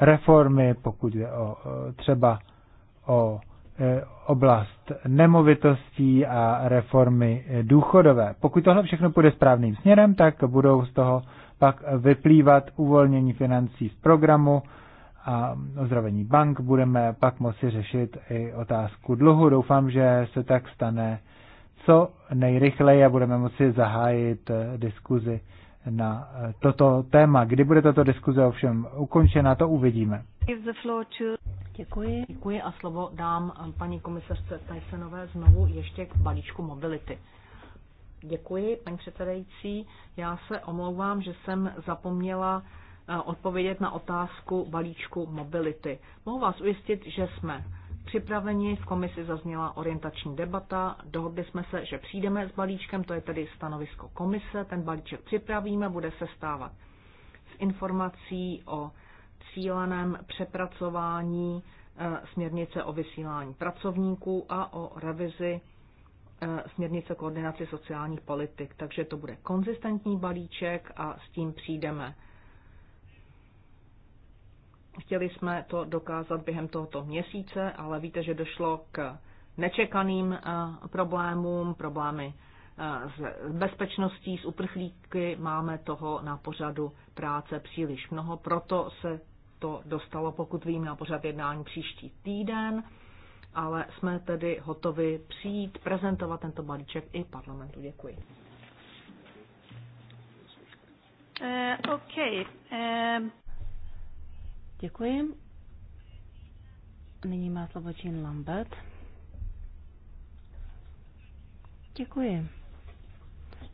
reformy, pokud je o, e, třeba o e, oblast nemovitostí a reformy e, důchodové. Pokud tohle všechno půjde správným směrem, tak budou z toho pak vyplývat uvolnění financí z programu a ozdravení bank. Budeme pak moci řešit i otázku dluhu. Doufám, že se tak stane co nejrychleji a budeme moci zahájit diskuzi na eh, toto téma. Kdy bude tato diskuze ovšem ukončena, to uvidíme.
Děkuji. Děkuji a slovo dám eh, paní komisařce Tysonové znovu ještě k balíčku mobility. Děkuji, paní předsedající. Já se omlouvám, že jsem zapomněla eh, odpovědět na otázku balíčku mobility. Mohu vás ujistit, že jsme připraveni, v komisi zazněla orientační debata, dohodli jsme se, že přijdeme s balíčkem, to je tedy stanovisko komise, ten balíček připravíme, bude se stávat s informací o cíleném přepracování e, směrnice o vysílání pracovníků a o revizi e, směrnice koordinaci sociálních politik. Takže to bude konzistentní balíček a s tím přijdeme Chtěli jsme to dokázat během tohoto měsíce, ale víte, že došlo k nečekaným eh, problémům, problémy eh, s bezpečností, s uprchlíky, máme toho na pořadu práce příliš mnoho, proto se to dostalo, pokud vím, na pořad jednání příští týden, ale jsme tedy hotovi přijít, prezentovat tento balíček i parlamentu. Děkuji.
Uh, okay. um... Děkuji. Nyní má slovo Jean Lambert. Děkuji.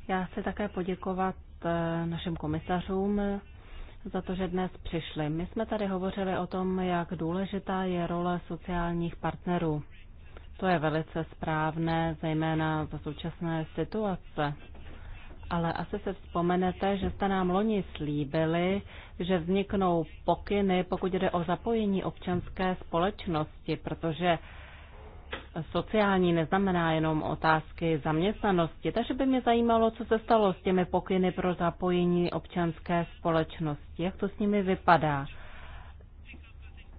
Já chci také poděkovat eh, našim komisařům za to, že dnes přišli. My jsme tady hovořili o tom, jak důležitá je role sociálních partnerů. To je velice správné, zejména za současné situace ale asi se vzpomenete, že jste nám loni slíbili, že vzniknou pokyny, pokud jde o zapojení občanské společnosti, protože sociální neznamená jenom otázky zaměstnanosti. Takže by mě zajímalo, co se stalo s těmi pokyny pro zapojení občanské společnosti, jak to s nimi vypadá.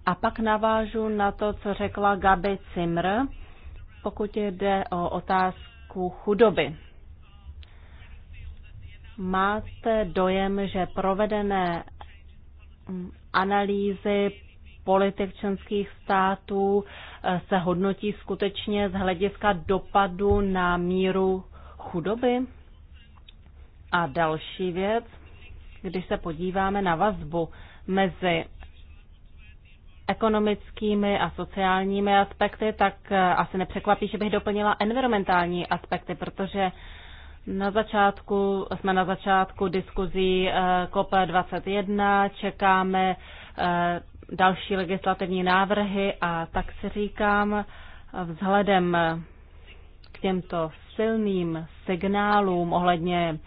A pak navážu na to, co řekla Gabi Cimr, pokud jde o otázku chudoby. Máte dojem, že provedené analýzy politik členských států eh, se hodnotí skutečně z hlediska dopadu na míru chudoby? A další věc, když se podíváme na vazbu mezi ekonomickými a sociálními aspekty, tak eh, asi nepřekvapí, že bych doplnila environmentální aspekty, protože na začátku, jsme na začátku diskuzí eh, COP21, čekáme eh, další legislativní návrhy a tak si říkám, vzhledem k těmto silným signálům ohledně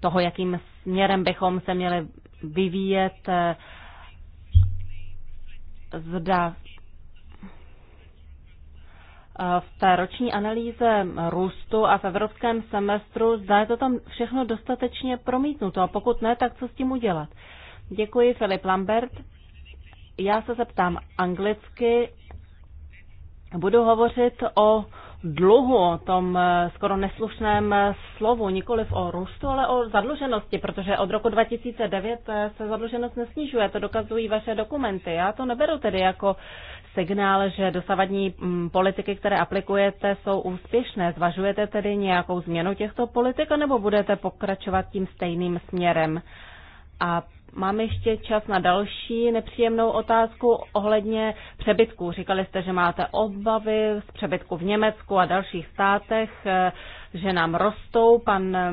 toho, jakým směrem bychom se měli vyvíjet, eh, zda v té roční analýze růstu a v evropském semestru, zda je to tam všechno dostatečně promítnuto a pokud ne, tak co s tím udělat. Děkuji, Filip Lambert. Já se zeptám anglicky. Budu hovořit o dluhu, o tom eh, skoro neslušném eh, slovu, nikoliv o růstu, ale o zadluženosti, protože od roku 2009 eh, se zadluženost nesnižuje, to dokazují vaše dokumenty. Já to neberu tedy jako signál, že dosavadní mm, politiky, které aplikujete, jsou úspěšné. Zvažujete tedy nějakou změnu těchto politik, nebo budete pokračovat tím stejným směrem? A Mám ještě čas na další nepříjemnou otázku ohledně přebytků. Říkali jste, že máte obavy z přebytku v Německu a dalších státech, eh, že nám rostou. Pan eh,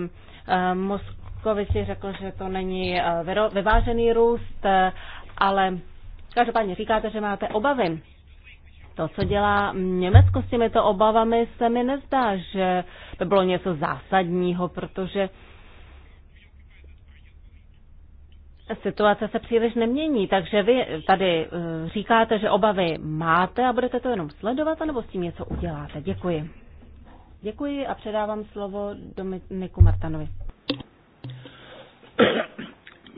Moskovici řekl, že to není eh, vyvážený růst, ale každopádně říkáte, že máte obavy. To, co dělá Německo s těmito obavami, se mi nezdá, že to bylo něco zásadního, protože Situace se příliš nemění, takže vy tady eh, říkáte, že obavy máte a budete to jenom sledovat, anebo s tím něco uděláte. Děkuji. Děkuji a předávám slovo Dominiku Martanovi.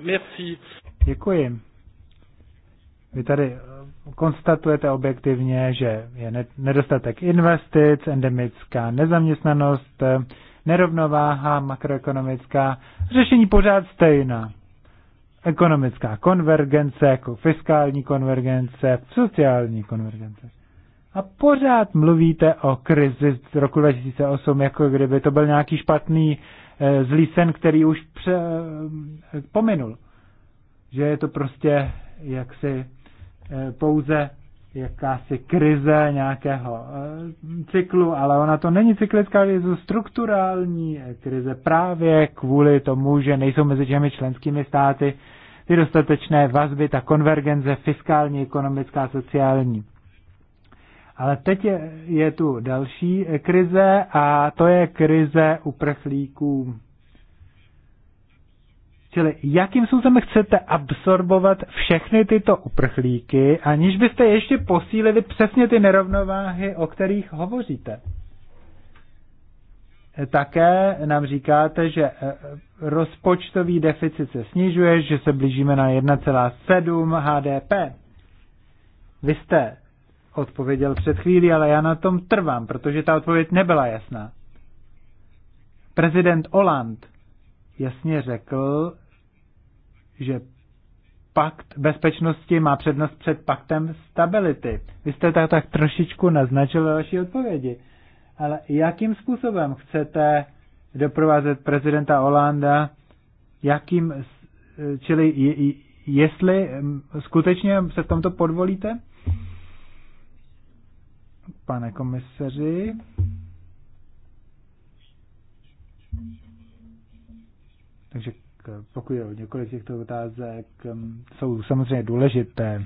Merci.
Děkuji. Vy tady eh, konstatujete objektivně, že je nedostatek investic, endemická nezaměstnanost, eh, nerovnováha makroekonomická, řešení pořád stejná. Ekonomická konvergence, jako fiskální konvergence, sociální konvergence. A pořád mluvíte o krizi z roku 2008, jako kdyby to byl nějaký špatný eh, zlý sen, který už pře, pominul. Že je to prostě jaksi Eh, pouze jakási krize nějakého eh, cyklu, ale ona to není cyklická, je to strukturální eh, krize právě kvůli tomu, že nejsou mezi těmi členskými státy ty dostatečné vazby, ta konvergence fiskální, ekonomická, sociální. Ale teď je, je tu další krize a to je krize uprchlíků. Čili jakým způsobem chcete absorbovat všechny tyto uprchlíky, aniž byste ještě posílili přesně ty nerovnováhy, o kterých hovoříte? Také nám říkáte, že eh, rozpočtový deficit se snižuje, že se blížíme na 1,7 HDP. Vy jste odpověděl před chvílí, ale já na tom trvám, protože ta odpověď nebyla jasná. Prezident Oland jasně řekl, že pakt bezpečnosti má přednost před paktem stability. Vy jste tak, tak trošičku naznačil ve vaší odpovědi. Ale jakým způsobem chcete doprovázet prezidenta Olanda, jakým, čili jestli mm, skutečně se v tomto podvolíte? Pane komisaři. Takže Eh, pokud je o několik těchto otázek, mm, jsou samozřejmě důležité.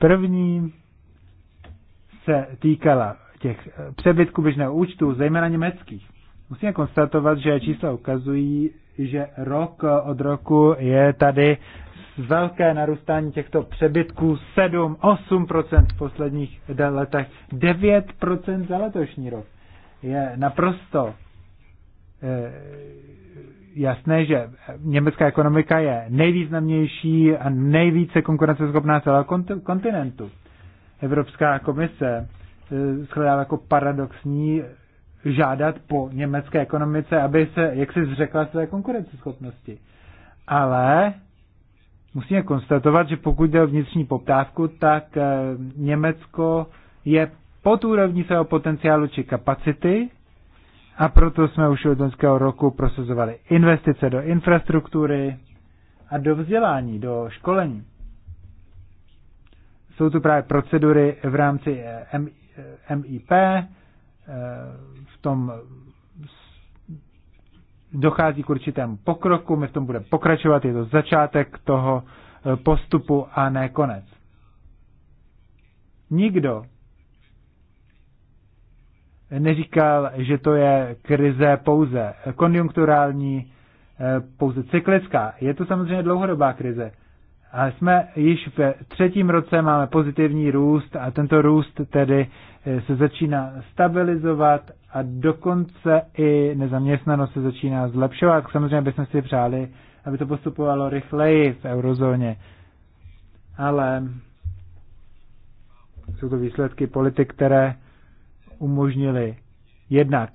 První se týkala těch eh, přebytků běžného účtu, zejména německých. Musíme konstatovat, že čísla ukazují, že rok eh, od roku je tady velké narůstání těchto přebytků 7-8% v posledních letech, 9% za letošní rok. Je naprosto Eh, jasné, že německá ekonomika je nejvýznamnější a nejvíce konkurenceschopná celého kontinentu. Evropská komise eh, shledává jako paradoxní žádat po německé ekonomice, aby se jaksi zřekla své konkurenceschopnosti. Ale musíme konstatovat, že pokud jde o vnitřní poptávku, tak eh, Německo je pod úrovní svého potenciálu či kapacity a proto jsme už od loňského roku prosazovali investice do infrastruktury a do vzdělání, do školení. Jsou tu právě procedury v rámci eh, MIP, eh, eh, v tom dochází k určitému pokroku, my v tom budeme pokračovat, je to začátek toho postupu a ne konec. Nikdo neříkal, že to je krize pouze konjunkturální, eh, pouze cyklická. Je to samozřejmě dlouhodobá krize. A jsme již v třetím roce, máme pozitivní růst a tento růst tedy eh, se začíná stabilizovat a dokonce i nezaměstnanost se začíná zlepšovat. Samozřejmě bychom si přáli, aby to postupovalo rychleji v eurozóně. Ale jsou to výsledky politik, které umožnili jednak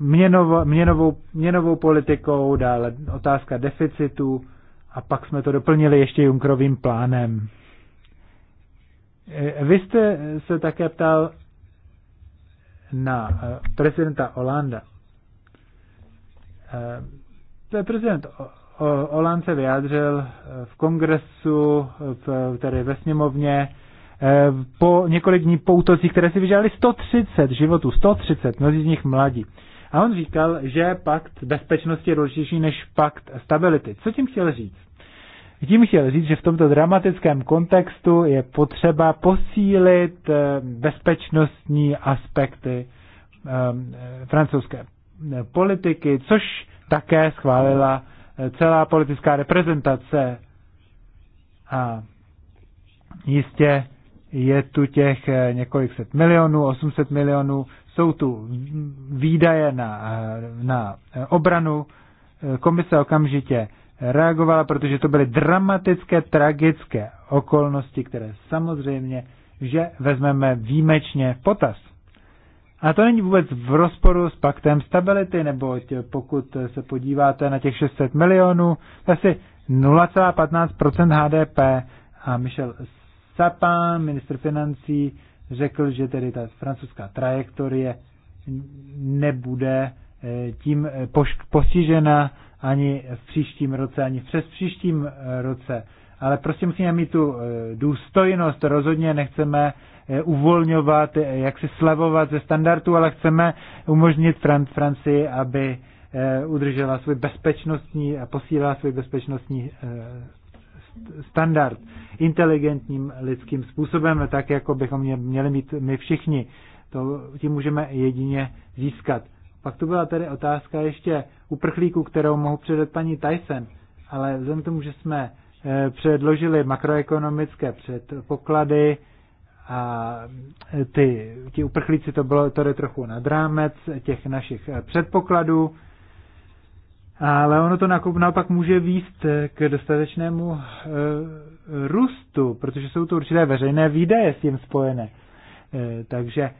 měnovo, měnovou, měnovou politikou, dále otázka deficitu a pak jsme to doplnili ještě Junkrovým plánem. E, vy jste se také ptal na e, prezidenta Olanda. E, prezident Olan se vyjádřil v kongresu, tedy ve sněmovně, Eh, po několik dní poutocích, které si vyžádali 130 životů, 130, mnozí z nich mladí. A on říkal, že pakt bezpečnosti je důležitější než pakt stability. Co tím chtěl říct? Tím chtěl říct, že v tomto dramatickém kontextu je potřeba posílit eh, bezpečnostní aspekty eh, francouzské politiky, což také schválila celá politická reprezentace. A jistě je tu těch eh, několik set milionů, 800 milionů, jsou tu výdaje na, eh, na eh, obranu. Komise okamžitě reagovala, protože to byly dramatické, tragické okolnosti, které samozřejmě, že vezmeme výjimečně v potaz. A to není vůbec v rozporu s paktem stability, neboť pokud se podíváte na těch 600 milionů, asi 0,15% HDP a Michel Sapin, ministr financí, řekl, že tedy ta francouzská trajektorie nebude eh, tím eh, postižena ani v příštím roce, ani přes příštím eh, roce. Ale prostě musíme mít tu důstojnost, rozhodně nechceme uvolňovat, jak se slevovat ze standardu, ale chceme umožnit Fran- Francii, aby udržela svůj bezpečnostní a posílala svůj bezpečnostní standard inteligentním lidským způsobem, tak jako bychom měli mít my všichni. To tím můžeme jedině získat. Pak tu byla tedy otázka ještě uprchlíku, kterou mohu předat paní Tyson, ale vzhledem k tomu, že jsme eh, předložili makroekonomické předpoklady a eh, ty, ti uprchlíci to bylo to trochu nad rámec těch našich eh, předpokladů, ale ono to nakup naopak může výst eh, k dostatečnému eh, růstu, protože jsou to určité veřejné výdaje s tím spojené. Eh, takže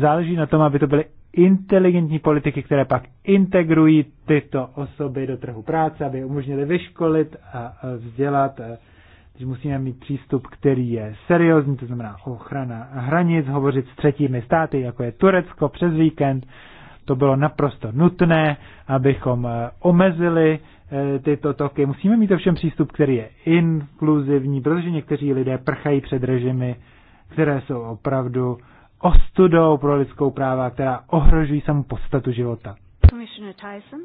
záleží na tom, aby to byly inteligentní politiky, které pak integrují tyto osoby do trhu práce, aby je umožnili vyškolit a vzdělat. Takže musíme mít přístup, který je seriózní, to znamená ochrana hranic, hovořit s třetími státy, jako je Turecko přes víkend, to bylo naprosto nutné, abychom eh, omezili eh, tyto toky. Musíme mít ovšem přístup, který je inkluzivní, protože někteří lidé prchají před režimy, které jsou opravdu ostudou pro lidskou práva, která ohrožují samou podstatu života.
Tyson.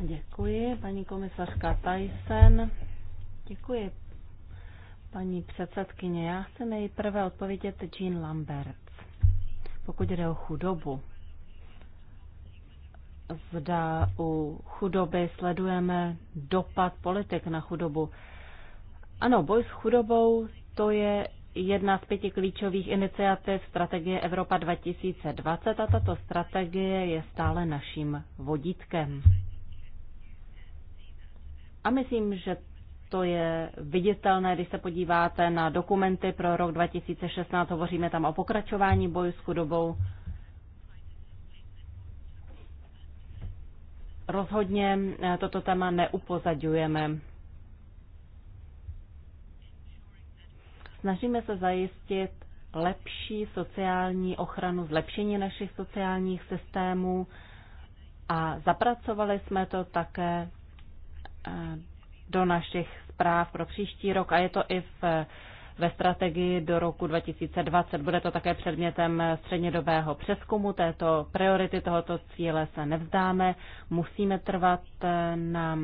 Děkuji, paní komisařka Tyson. Děkuji, paní předsedkyně. Já chci nejprve odpovědět Jean Lambert, pokud jde o chudobu zda u chudoby sledujeme dopad politik na chudobu. Ano, boj s chudobou to je jedna z pěti klíčových iniciativ strategie Evropa 2020 a tato strategie je stále naším vodítkem. A myslím, že to je viditelné, když se podíváte na dokumenty pro rok 2016, hovoříme tam o pokračování boju s chudobou rozhodně eh, toto téma neupozadňujeme. Snažíme se zajistit lepší sociální ochranu, zlepšení našich sociálních systémů a zapracovali jsme to také eh, do našich zpráv pro příští rok a je to i v ve strategii do roku 2020. Bude to také předmětem střednědobého přeskumu této priority, tohoto cíle se nevzdáme. Musíme trvat eh, na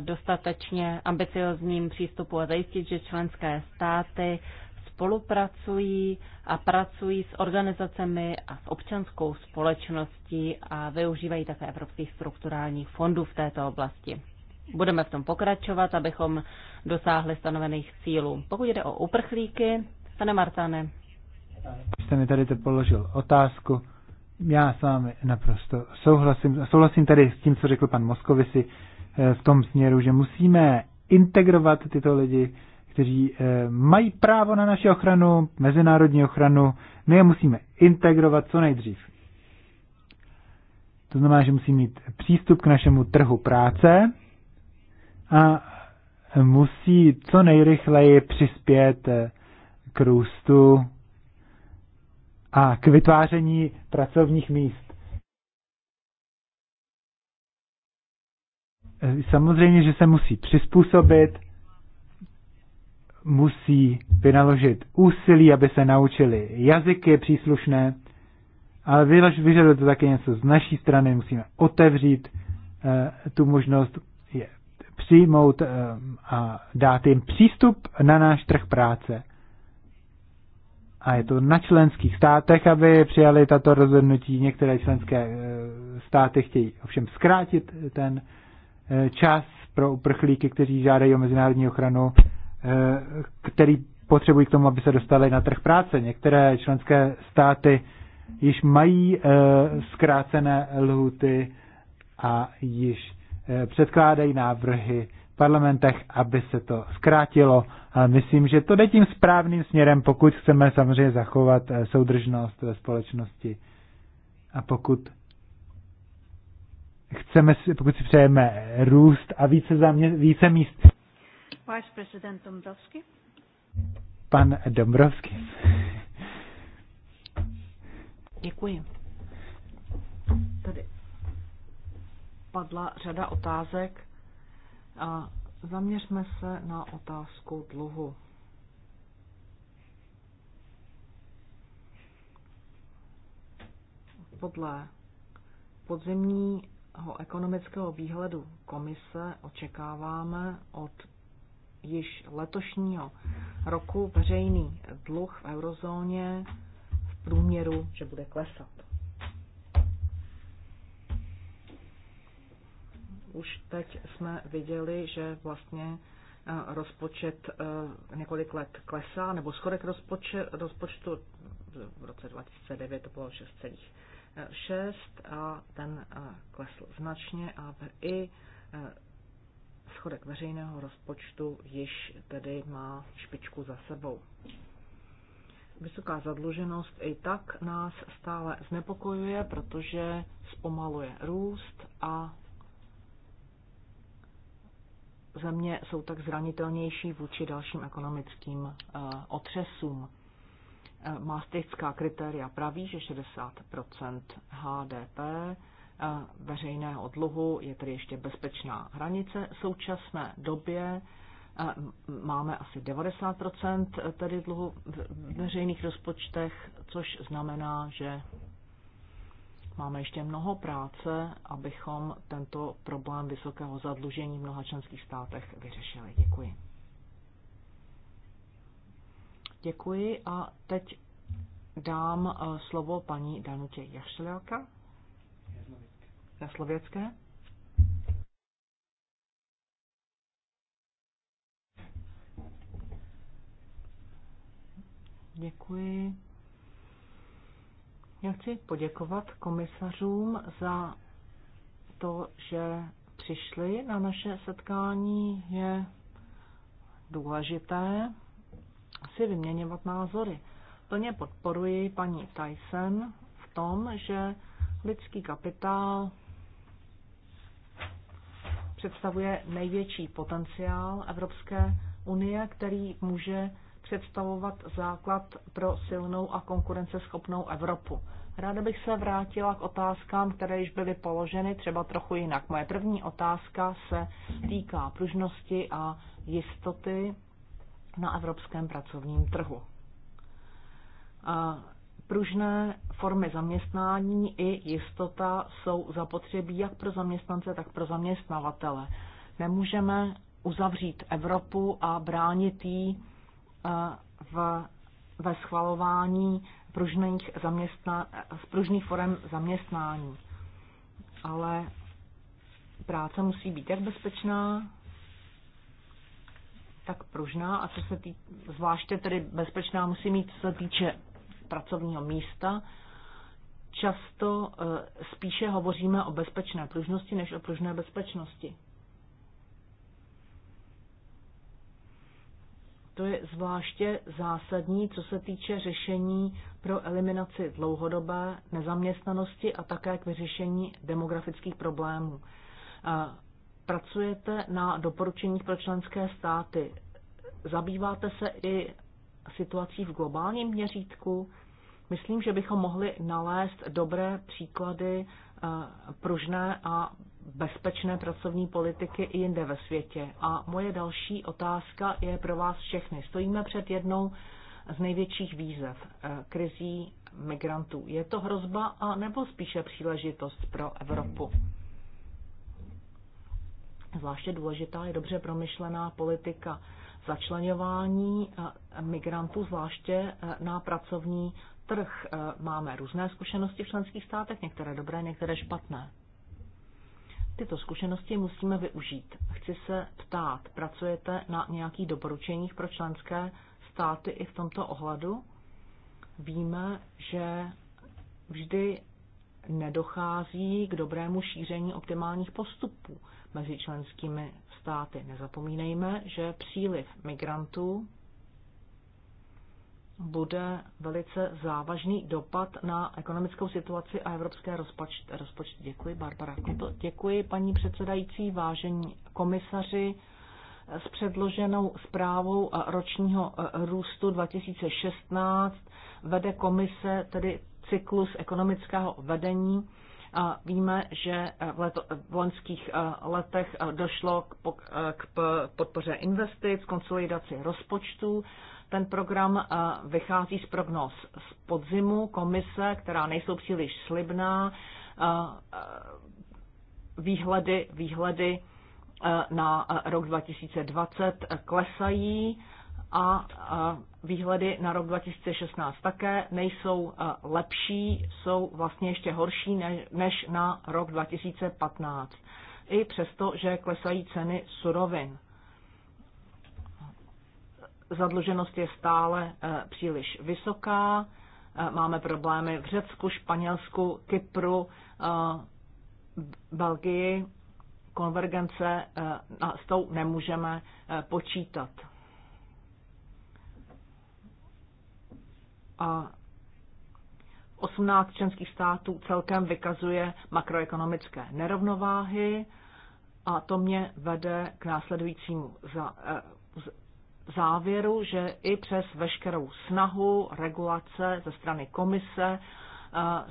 dostatečně ambiciozním přístupu a zajistit, že členské státy spolupracují a pracují s organizacemi a s občanskou společností a využívají také evropských strukturálních fondů v této oblasti. Budeme v tom pokračovat, abychom dosáhli stanovených cílů. Pokud jde o uprchlíky, pane Martane.
Jste mi tady to položil otázku. Já s vámi naprosto souhlasím. Souhlasím tady s tím, co řekl pan Moskovisi eh, v tom směru, že musíme integrovat tyto lidi, kteří eh, mají právo na naši ochranu, mezinárodní ochranu. My je musíme integrovat co nejdřív. To znamená, že musí mít přístup k našemu trhu práce, a musí co nejrychleji přispět k růstu a k vytváření pracovních míst. Samozřejmě, že se musí přizpůsobit, musí vynaložit úsilí, aby se naučili jazyky příslušné, ale vyžaduje to také něco z naší strany, musíme otevřít eh, tu možnost přijmout eh, a dát jim přístup na náš trh práce. A je to na členských státech, aby přijali tato rozhodnutí. Některé členské eh, státy chtějí ovšem zkrátit ten eh, čas pro uprchlíky, kteří žádají o mezinárodní ochranu, který potřebují k tomu, aby se dostali na trh práce. Některé členské státy již mají zkrácené lhuty a již Eh, předkládají návrhy v parlamentech, aby se to zkrátilo. Ale myslím, že to jde tím správným směrem, pokud chceme samozřejmě zachovat eh, soudržnost ve společnosti. A pokud chceme, pokud si přejeme růst a více, zamě, více míst.
Vice prezident Dombrovský.
Pan Dombrovský.
Děkuji. Tady padla řada otázek a zaměřme se na otázku dluhu. Podle podzimního ekonomického výhledu komise očekáváme od již letošního roku veřejný dluh v eurozóně v průměru, že bude klesat. Už teď jsme viděli, že vlastně eh, rozpočet eh, několik let klesá, nebo schodek rozpočet, rozpočtu v roce 2009 to bylo 6,6 a ten eh, klesl značně a i schodek veřejného rozpočtu již tedy má špičku za sebou. Vysoká zadluženost i tak nás stále znepokojuje, protože zpomaluje růst a země jsou tak zranitelnější vůči dalším ekonomickým eh, otřesům. Eh, Maastrichtská kritéria praví, že 60 HDP eh, veřejného dluhu je tedy ještě bezpečná hranice. V současné době máme asi 90 tedy dluhu v veřejných rozpočtech, což znamená, že Máme ještě mnoho práce, abychom tento problém vysokého zadlužení v mnoha členských státech vyřešili. Děkuji. Děkuji a teď dám eh, slovo paní Danutě Na slověcké. Děkuji. Já chci poděkovat komisařům za to, že přišli na naše setkání. Je důležité si vyměňovat názory. Plně podporuji paní Tyson v tom, že lidský kapitál představuje největší potenciál Evropské unie, který může představovat základ pro silnou a konkurenceschopnou Evropu. Ráda bych se vrátila k otázkám, které již byly položeny, třeba trochu jinak. Moje první otázka se týká pružnosti a jistoty na evropském pracovním trhu. Pružné formy zaměstnání i jistota jsou zapotřebí jak pro zaměstnance, tak pro zaměstnavatele. Nemůžeme uzavřít Evropu a bránit jí v, ve schvalování pružných, zaměstna, pružných forem zaměstnání. Ale práce musí být jak bezpečná, tak pružná a co se tý, zvláště tedy bezpečná musí mít, co se týče pracovního místa. Často e, spíše hovoříme o bezpečné pružnosti než o pružné bezpečnosti. To je zvláště zásadní, co se týče řešení pro eliminaci dlouhodobé nezaměstnanosti a také k vyřešení demografických problémů. Pracujete na doporučeních pro členské státy. Zabýváte se i situací v globálním měřítku? Myslím, že bychom mohli nalézt dobré příklady pružné a bezpečné pracovní politiky i jinde ve světě. A moje další otázka je pro vás všechny. Stojíme před jednou z největších výzev eh, krizí migrantů. Je to hrozba a nebo spíše příležitost pro Evropu? Zvláště důležitá je dobře promyšlená politika začlenování eh, migrantů, zvláště eh, na pracovní trh. Máme různé zkušenosti v členských státech, některé dobré, některé špatné. Tyto zkušenosti musíme využít. Chci se ptát, pracujete na nějakých doporučeních pro členské státy i v tomto ohledu? Víme, že vždy nedochází k dobrému šíření optimálních postupů mezi členskými státy. Nezapomínejme, že příliv migrantů bude velice závažný dopad na ekonomickou situaci a evropské rozpočty. Rozpočt. Děkuji, Barbara Děkuji, paní předsedající, vážení komisaři. S předloženou zprávou ročního růstu 2016 vede komise tedy cyklus ekonomického vedení. A víme, že v, leto, v loňských eh, letech eh, došlo k, eh, k podpoře investic, konsolidaci rozpočtů ten program eh, vychází z prognóz z podzimu komise, která nejsou příliš slibná, výhledy, výhledy na rok 2020 klesají a výhledy na rok 2016 také nejsou eh, lepší, jsou vlastně ještě horší než na rok 2015. I přesto, že klesají ceny surovin zadluženost je stále eh, příliš vysoká. Eh, máme problémy v Řecku, Španělsku, Kypru, eh, Belgii. Konvergence s tou nemůžeme počítat. A 18 členských států celkem vykazuje makroekonomické nerovnováhy a to mě vede k následujícímu závěru, že i přes veškerou snahu regulace ze strany komise eh,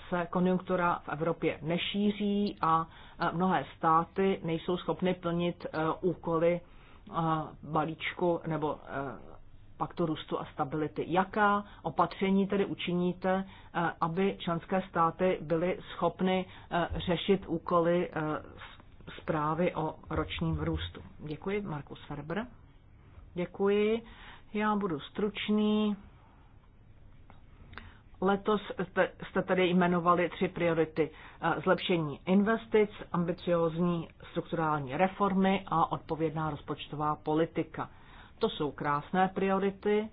se konjunktura v Evropě nešíří a eh, mnohé státy nejsou schopny plnit eh, úkoly balíčku nebo paktu růstu a stability. Jaká opatření tedy učiníte, aby členské státy byly schopny řešit úkoly zprávy o ročním růstu? Děkuji, Markus Ferber. Děkuji. Já budu stručný. Letos jste, jste tady jmenovali tři priority. Eh, zlepšení investic, ambiciózní strukturální reformy a odpovědná rozpočtová politika. To jsou krásné priority,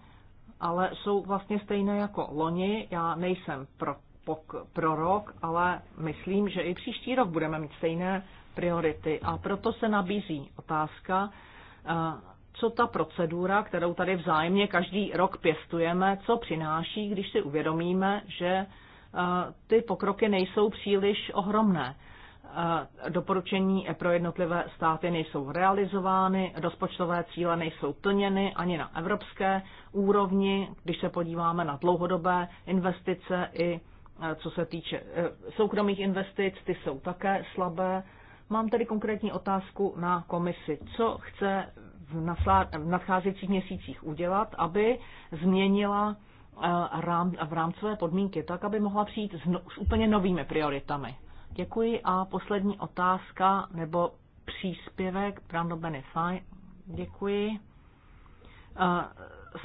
ale jsou vlastně stejné jako loni. Já nejsem pro, pok, prorok, ale myslím, že i příští rok budeme mít stejné priority. A proto se nabízí otázka, eh, co ta procedura, kterou tady vzájemně každý rok pěstujeme, co přináší, když si uvědomíme, že eh, ty pokroky nejsou příliš ohromné. Eh, doporučení pro jednotlivé státy nejsou realizovány, rozpočtové cíle nejsou plněny ani na evropské úrovni, když se podíváme na dlouhodobé investice i eh, co se týče soukromých investic, ty jsou také slabé. Mám tedy konkrétní otázku na komisi. Co chce v nadcházejících měsících udělat, aby změnila eh, v rámcové podmínky tak, aby mohla přijít s, no, s úplně novými prioritami. Děkuji a poslední otázka nebo příspěvek Brando Benefaj. Děkuji. Eh,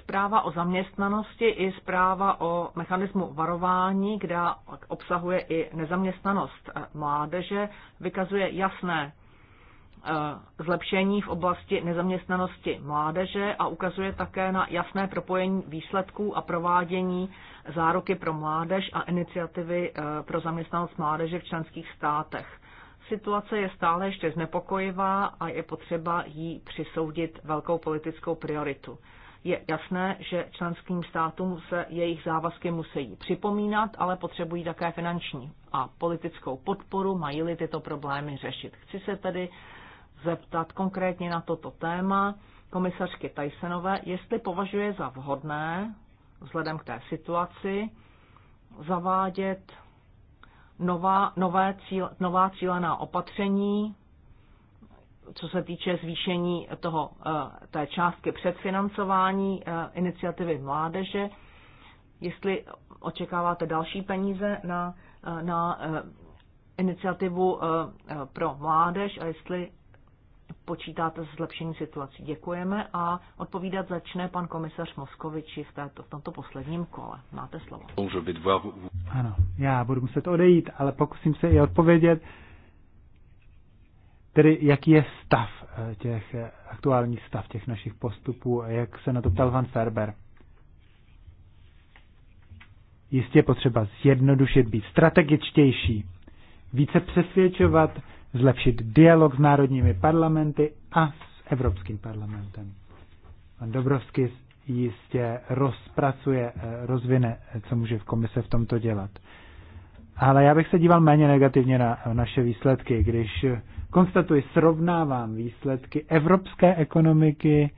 zpráva o zaměstnanosti i zpráva o mechanismu varování, která obsahuje i nezaměstnanost mládeže, vykazuje jasné Eh, zlepšení v oblasti nezaměstnanosti mládeže a ukazuje také na jasné propojení výsledků a provádění záruky pro mládež a iniciativy eh, pro zaměstnanost mládeže v členských státech. Situace je stále ještě znepokojivá a je potřeba jí přisoudit velkou politickou prioritu. Je jasné, že členským státům se jejich závazky musí připomínat, ale potřebují také finanční a politickou podporu, mají-li tyto problémy řešit. Chci se tedy zeptat konkrétně na toto téma komisařky Tysonové, jestli považuje za vhodné, vzhledem k té situaci, zavádět nová, nové cíl, nová cílená opatření, co se týče zvýšení toho, eh, té částky předfinancování eh, iniciativy mládeže, jestli očekáváte další peníze na, eh, na iniciativu pro mládež a jestli počítáte s zlepšení situací. Děkujeme a odpovídat začne pan komisař Moskoviči v, této,
v tomto posledním kole. Máte slovo. Ano, já budu muset odejít, ale pokusím se i odpovědět, tedy jaký je stav eh, těch, eh, aktuální stav těch našich postupů, jak se na to ptal Van Ferber. Jistě je potřeba zjednodušit, být strategičtější, více přesvědčovat zlepšit dialog s národními parlamenty a s Evropským parlamentem. Pan Dobrovský jistě rozpracuje, eh, rozvine, eh, co může v komise v tomto dělat. Ale já bych se díval méně negativně na naše výsledky, když konstatuji, srovnávám výsledky evropské ekonomiky,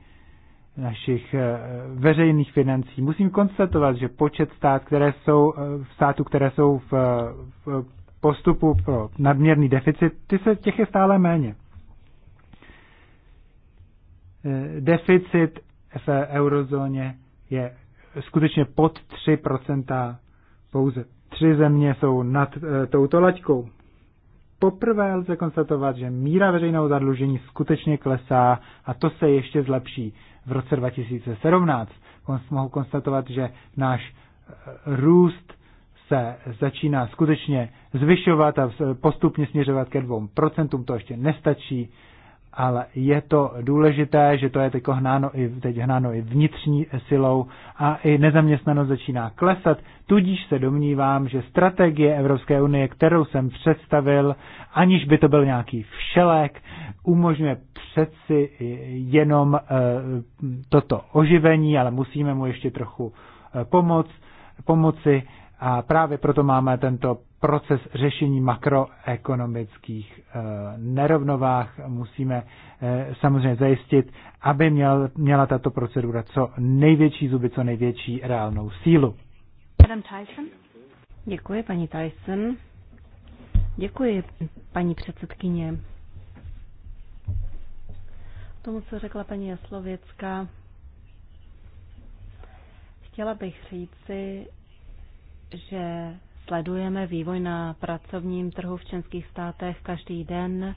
našich eh, veřejných financí. Musím konstatovat, že počet stát, které jsou, států, které jsou v, v postupu pro nadměrný deficit, ty se, těch je stále méně. Eh, deficit v eurozóně je skutečně pod 3% pouze. Tři země jsou nad eh, touto laťkou. Poprvé lze konstatovat, že míra veřejného zadlužení skutečně klesá a to se ještě zlepší v roce 2017. Mohu konstatovat, že náš eh, růst se začíná skutečně zvyšovat a postupně směřovat ke dvou procentům, to ještě nestačí, ale je to důležité, že to je teď hnáno i, teď hnáno i vnitřní silou a i nezaměstnanost začíná klesat, tudíž se domnívám, že strategie Evropské unie, kterou jsem představil, aniž by to byl nějaký všelek, umožňuje přeci jenom e, toto oživení, ale musíme mu ještě trochu eh, pomoc, pomoci a právě proto máme tento proces řešení makroekonomických eh, nerovnovách. Musíme eh, samozřejmě zajistit, aby měla tato procedura co největší zuby, co největší reálnou sílu.
Adam Tyson. Děkuji, paní Tyson. Děkuji, paní předsedkyně. Tomu, co řekla paní Jaslověcká, chtěla bych říci, že Sledujeme vývoj na pracovním trhu v členských státech každý den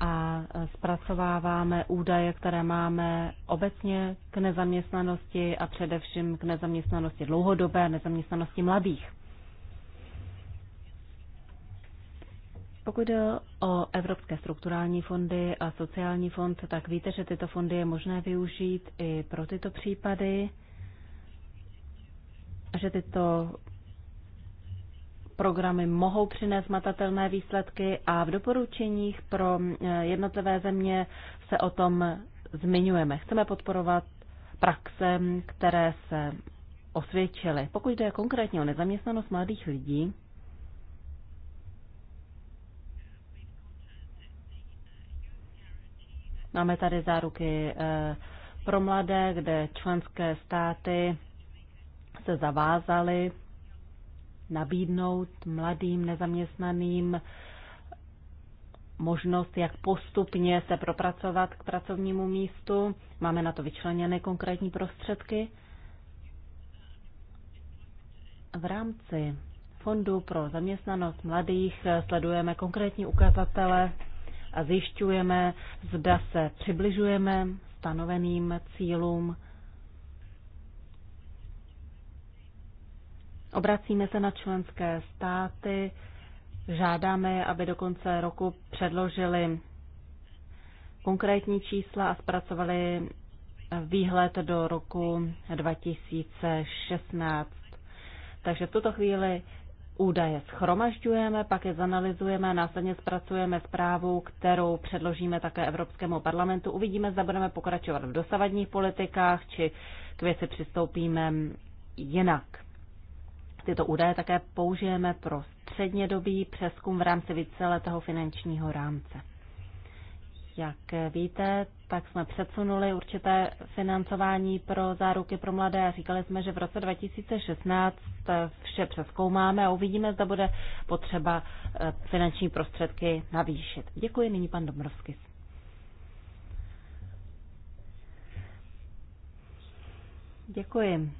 a zpracováváme údaje, které máme obecně k nezaměstnanosti a především k nezaměstnanosti dlouhodobé, nezaměstnanosti mladých. Pokud jde o evropské strukturální fondy a sociální fond, tak víte, že tyto fondy je možné využít i pro tyto případy a že tyto programy mohou přinést matatelné výsledky a v doporučeních pro eh, jednotlivé země se o tom zmiňujeme. Chceme podporovat praxe, které se osvědčily. Pokud jde konkrétně o nezaměstnanost mladých lidí, máme tady záruky eh, pro mladé, kde členské státy se zavázaly nabídnout mladým nezaměstnaným možnost, jak postupně se propracovat k pracovnímu místu. Máme na to vyčleněné konkrétní prostředky. V rámci Fondu pro zaměstnanost mladých sledujeme konkrétní ukazatele a zjišťujeme, zda se přibližujeme stanoveným cílům Obracíme se na členské státy, žádáme je, aby do konce roku předložili konkrétní čísla a zpracovali výhled do roku 2016. Takže v tuto chvíli údaje schromažďujeme, pak je zanalizujeme, následně zpracujeme zprávu, kterou předložíme také Evropskému parlamentu. Uvidíme, zda budeme pokračovat v dosavadních politikách, či k věci přistoupíme jinak. Tyto údaje také použijeme pro střednědobý přeskum v rámci víceletého finančního rámce. Jak víte, tak jsme přesunuli určité financování pro záruky pro mladé a říkali jsme, že v roce 2016 vše přeskoumáme a uvidíme, zda bude potřeba eh, finanční prostředky navýšit. Děkuji, nyní pan Dobrovský. Děkuji.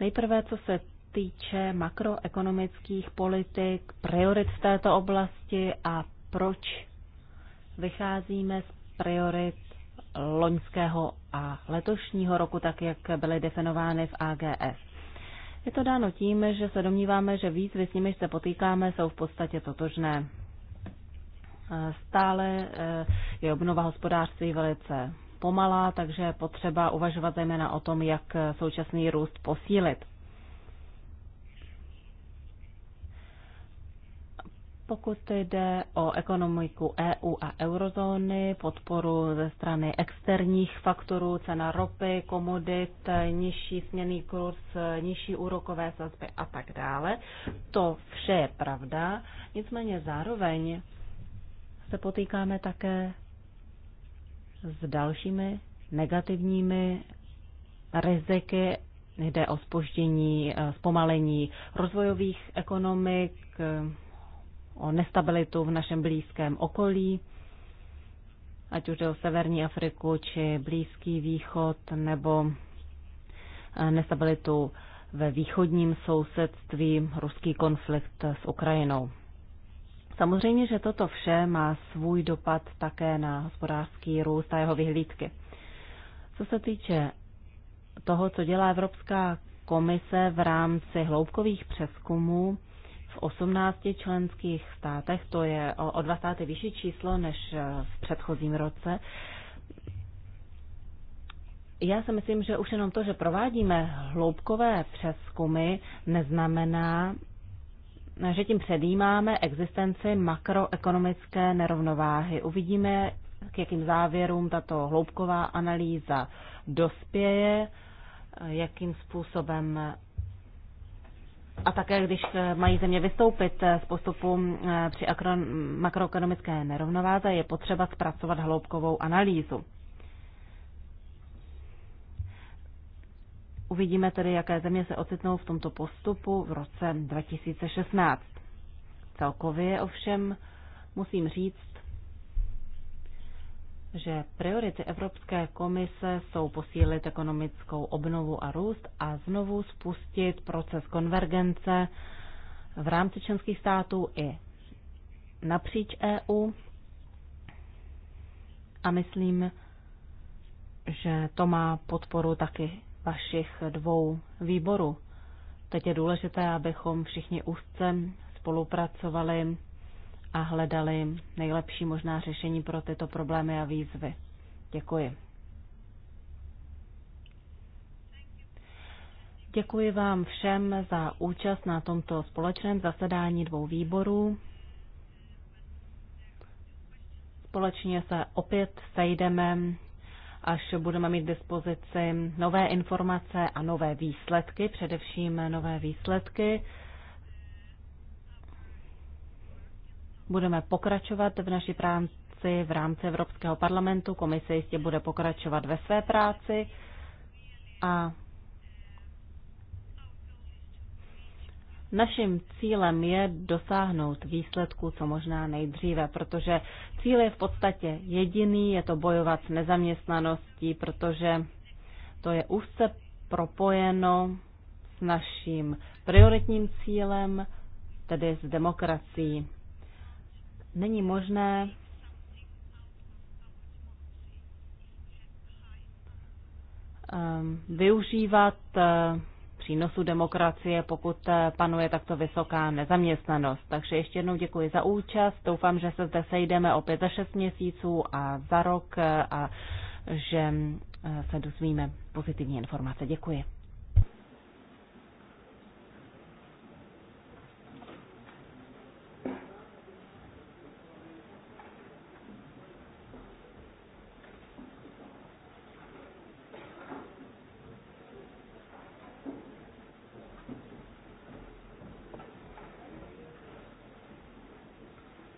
Nejprve, co se týče makroekonomických politik, priorit v této oblasti a proč vycházíme z priorit loňského a letošního roku, tak jak byly definovány v AGS. Je to dáno tím, že se domníváme, že výzvy, s nimiž se potýkáme, jsou v podstatě totožné. Stále eh, je obnova hospodářství velice pomalá, takže je potřeba uvažovat zejména o tom, jak současný růst posílit. Pokud jde o ekonomiku EU a eurozóny, podporu ze strany externích faktorů, cena ropy, komodit, nižší směný kurz, nižší úrokové sazby a tak dále, to vše je pravda. Nicméně zároveň se potýkáme také s dalšími negativními riziky. Jde o spoždění, eh, zpomalení rozvojových ekonomik, eh, o nestabilitu v našem blízkém okolí, ať už jde o Severní Afriku či Blízký východ nebo eh, nestabilitu ve východním sousedství ruský konflikt s Ukrajinou. Samozřejmě, že toto vše má svůj dopad také na hospodářský růst a jeho vyhlídky. Co se týče toho, co dělá Evropská komise v rámci hloubkových přeskumů v 18 členských státech, to je o, 20. vyšší číslo než eh, v předchozím roce, já si myslím, že už jenom to, že provádíme hloubkové přeskumy, neznamená, že tím předjímáme existenci makroekonomické nerovnováhy. Uvidíme, k jakým závěrům tato hloubková analýza dospěje, jakým způsobem a také, když mají země vystoupit z postupu eh, při makroekonomické nerovnováze, je potřeba zpracovat hloubkovou analýzu. Uvidíme tedy, jaké země se ocitnou v tomto postupu v roce 2016. Celkově ovšem musím říct, že priority Evropské komise jsou posílit ekonomickou obnovu a růst a znovu spustit proces konvergence v rámci členských států i napříč EU. A myslím, že to má podporu taky vašich dvou výborů. Teď je důležité, abychom všichni úzce spolupracovali a hledali nejlepší možná řešení pro tyto problémy a výzvy. Děkuji. Děkuji vám všem za účast na tomto společném zasedání dvou výborů. Společně se opět sejdeme až budeme mít k dispozici nové informace a nové výsledky, především nové výsledky. Budeme pokračovat v naší práci v rámci Evropského parlamentu. Komise jistě bude pokračovat ve své práci a Naším cílem je dosáhnout výsledku co možná nejdříve, protože cíl je v podstatě jediný, je to bojovat s nezaměstnaností, protože to je úzce propojeno s naším prioritním cílem, tedy s demokracií. Není možné ehm, využívat eh, přínosu demokracie, pokud eh, panuje takto vysoká nezaměstnanost. Takže ještě jednou děkuji za účast. Doufám, že se zde sejdeme opět za šest měsíců a za rok eh, a že eh, se dozvíme pozitivní informace. Děkuji.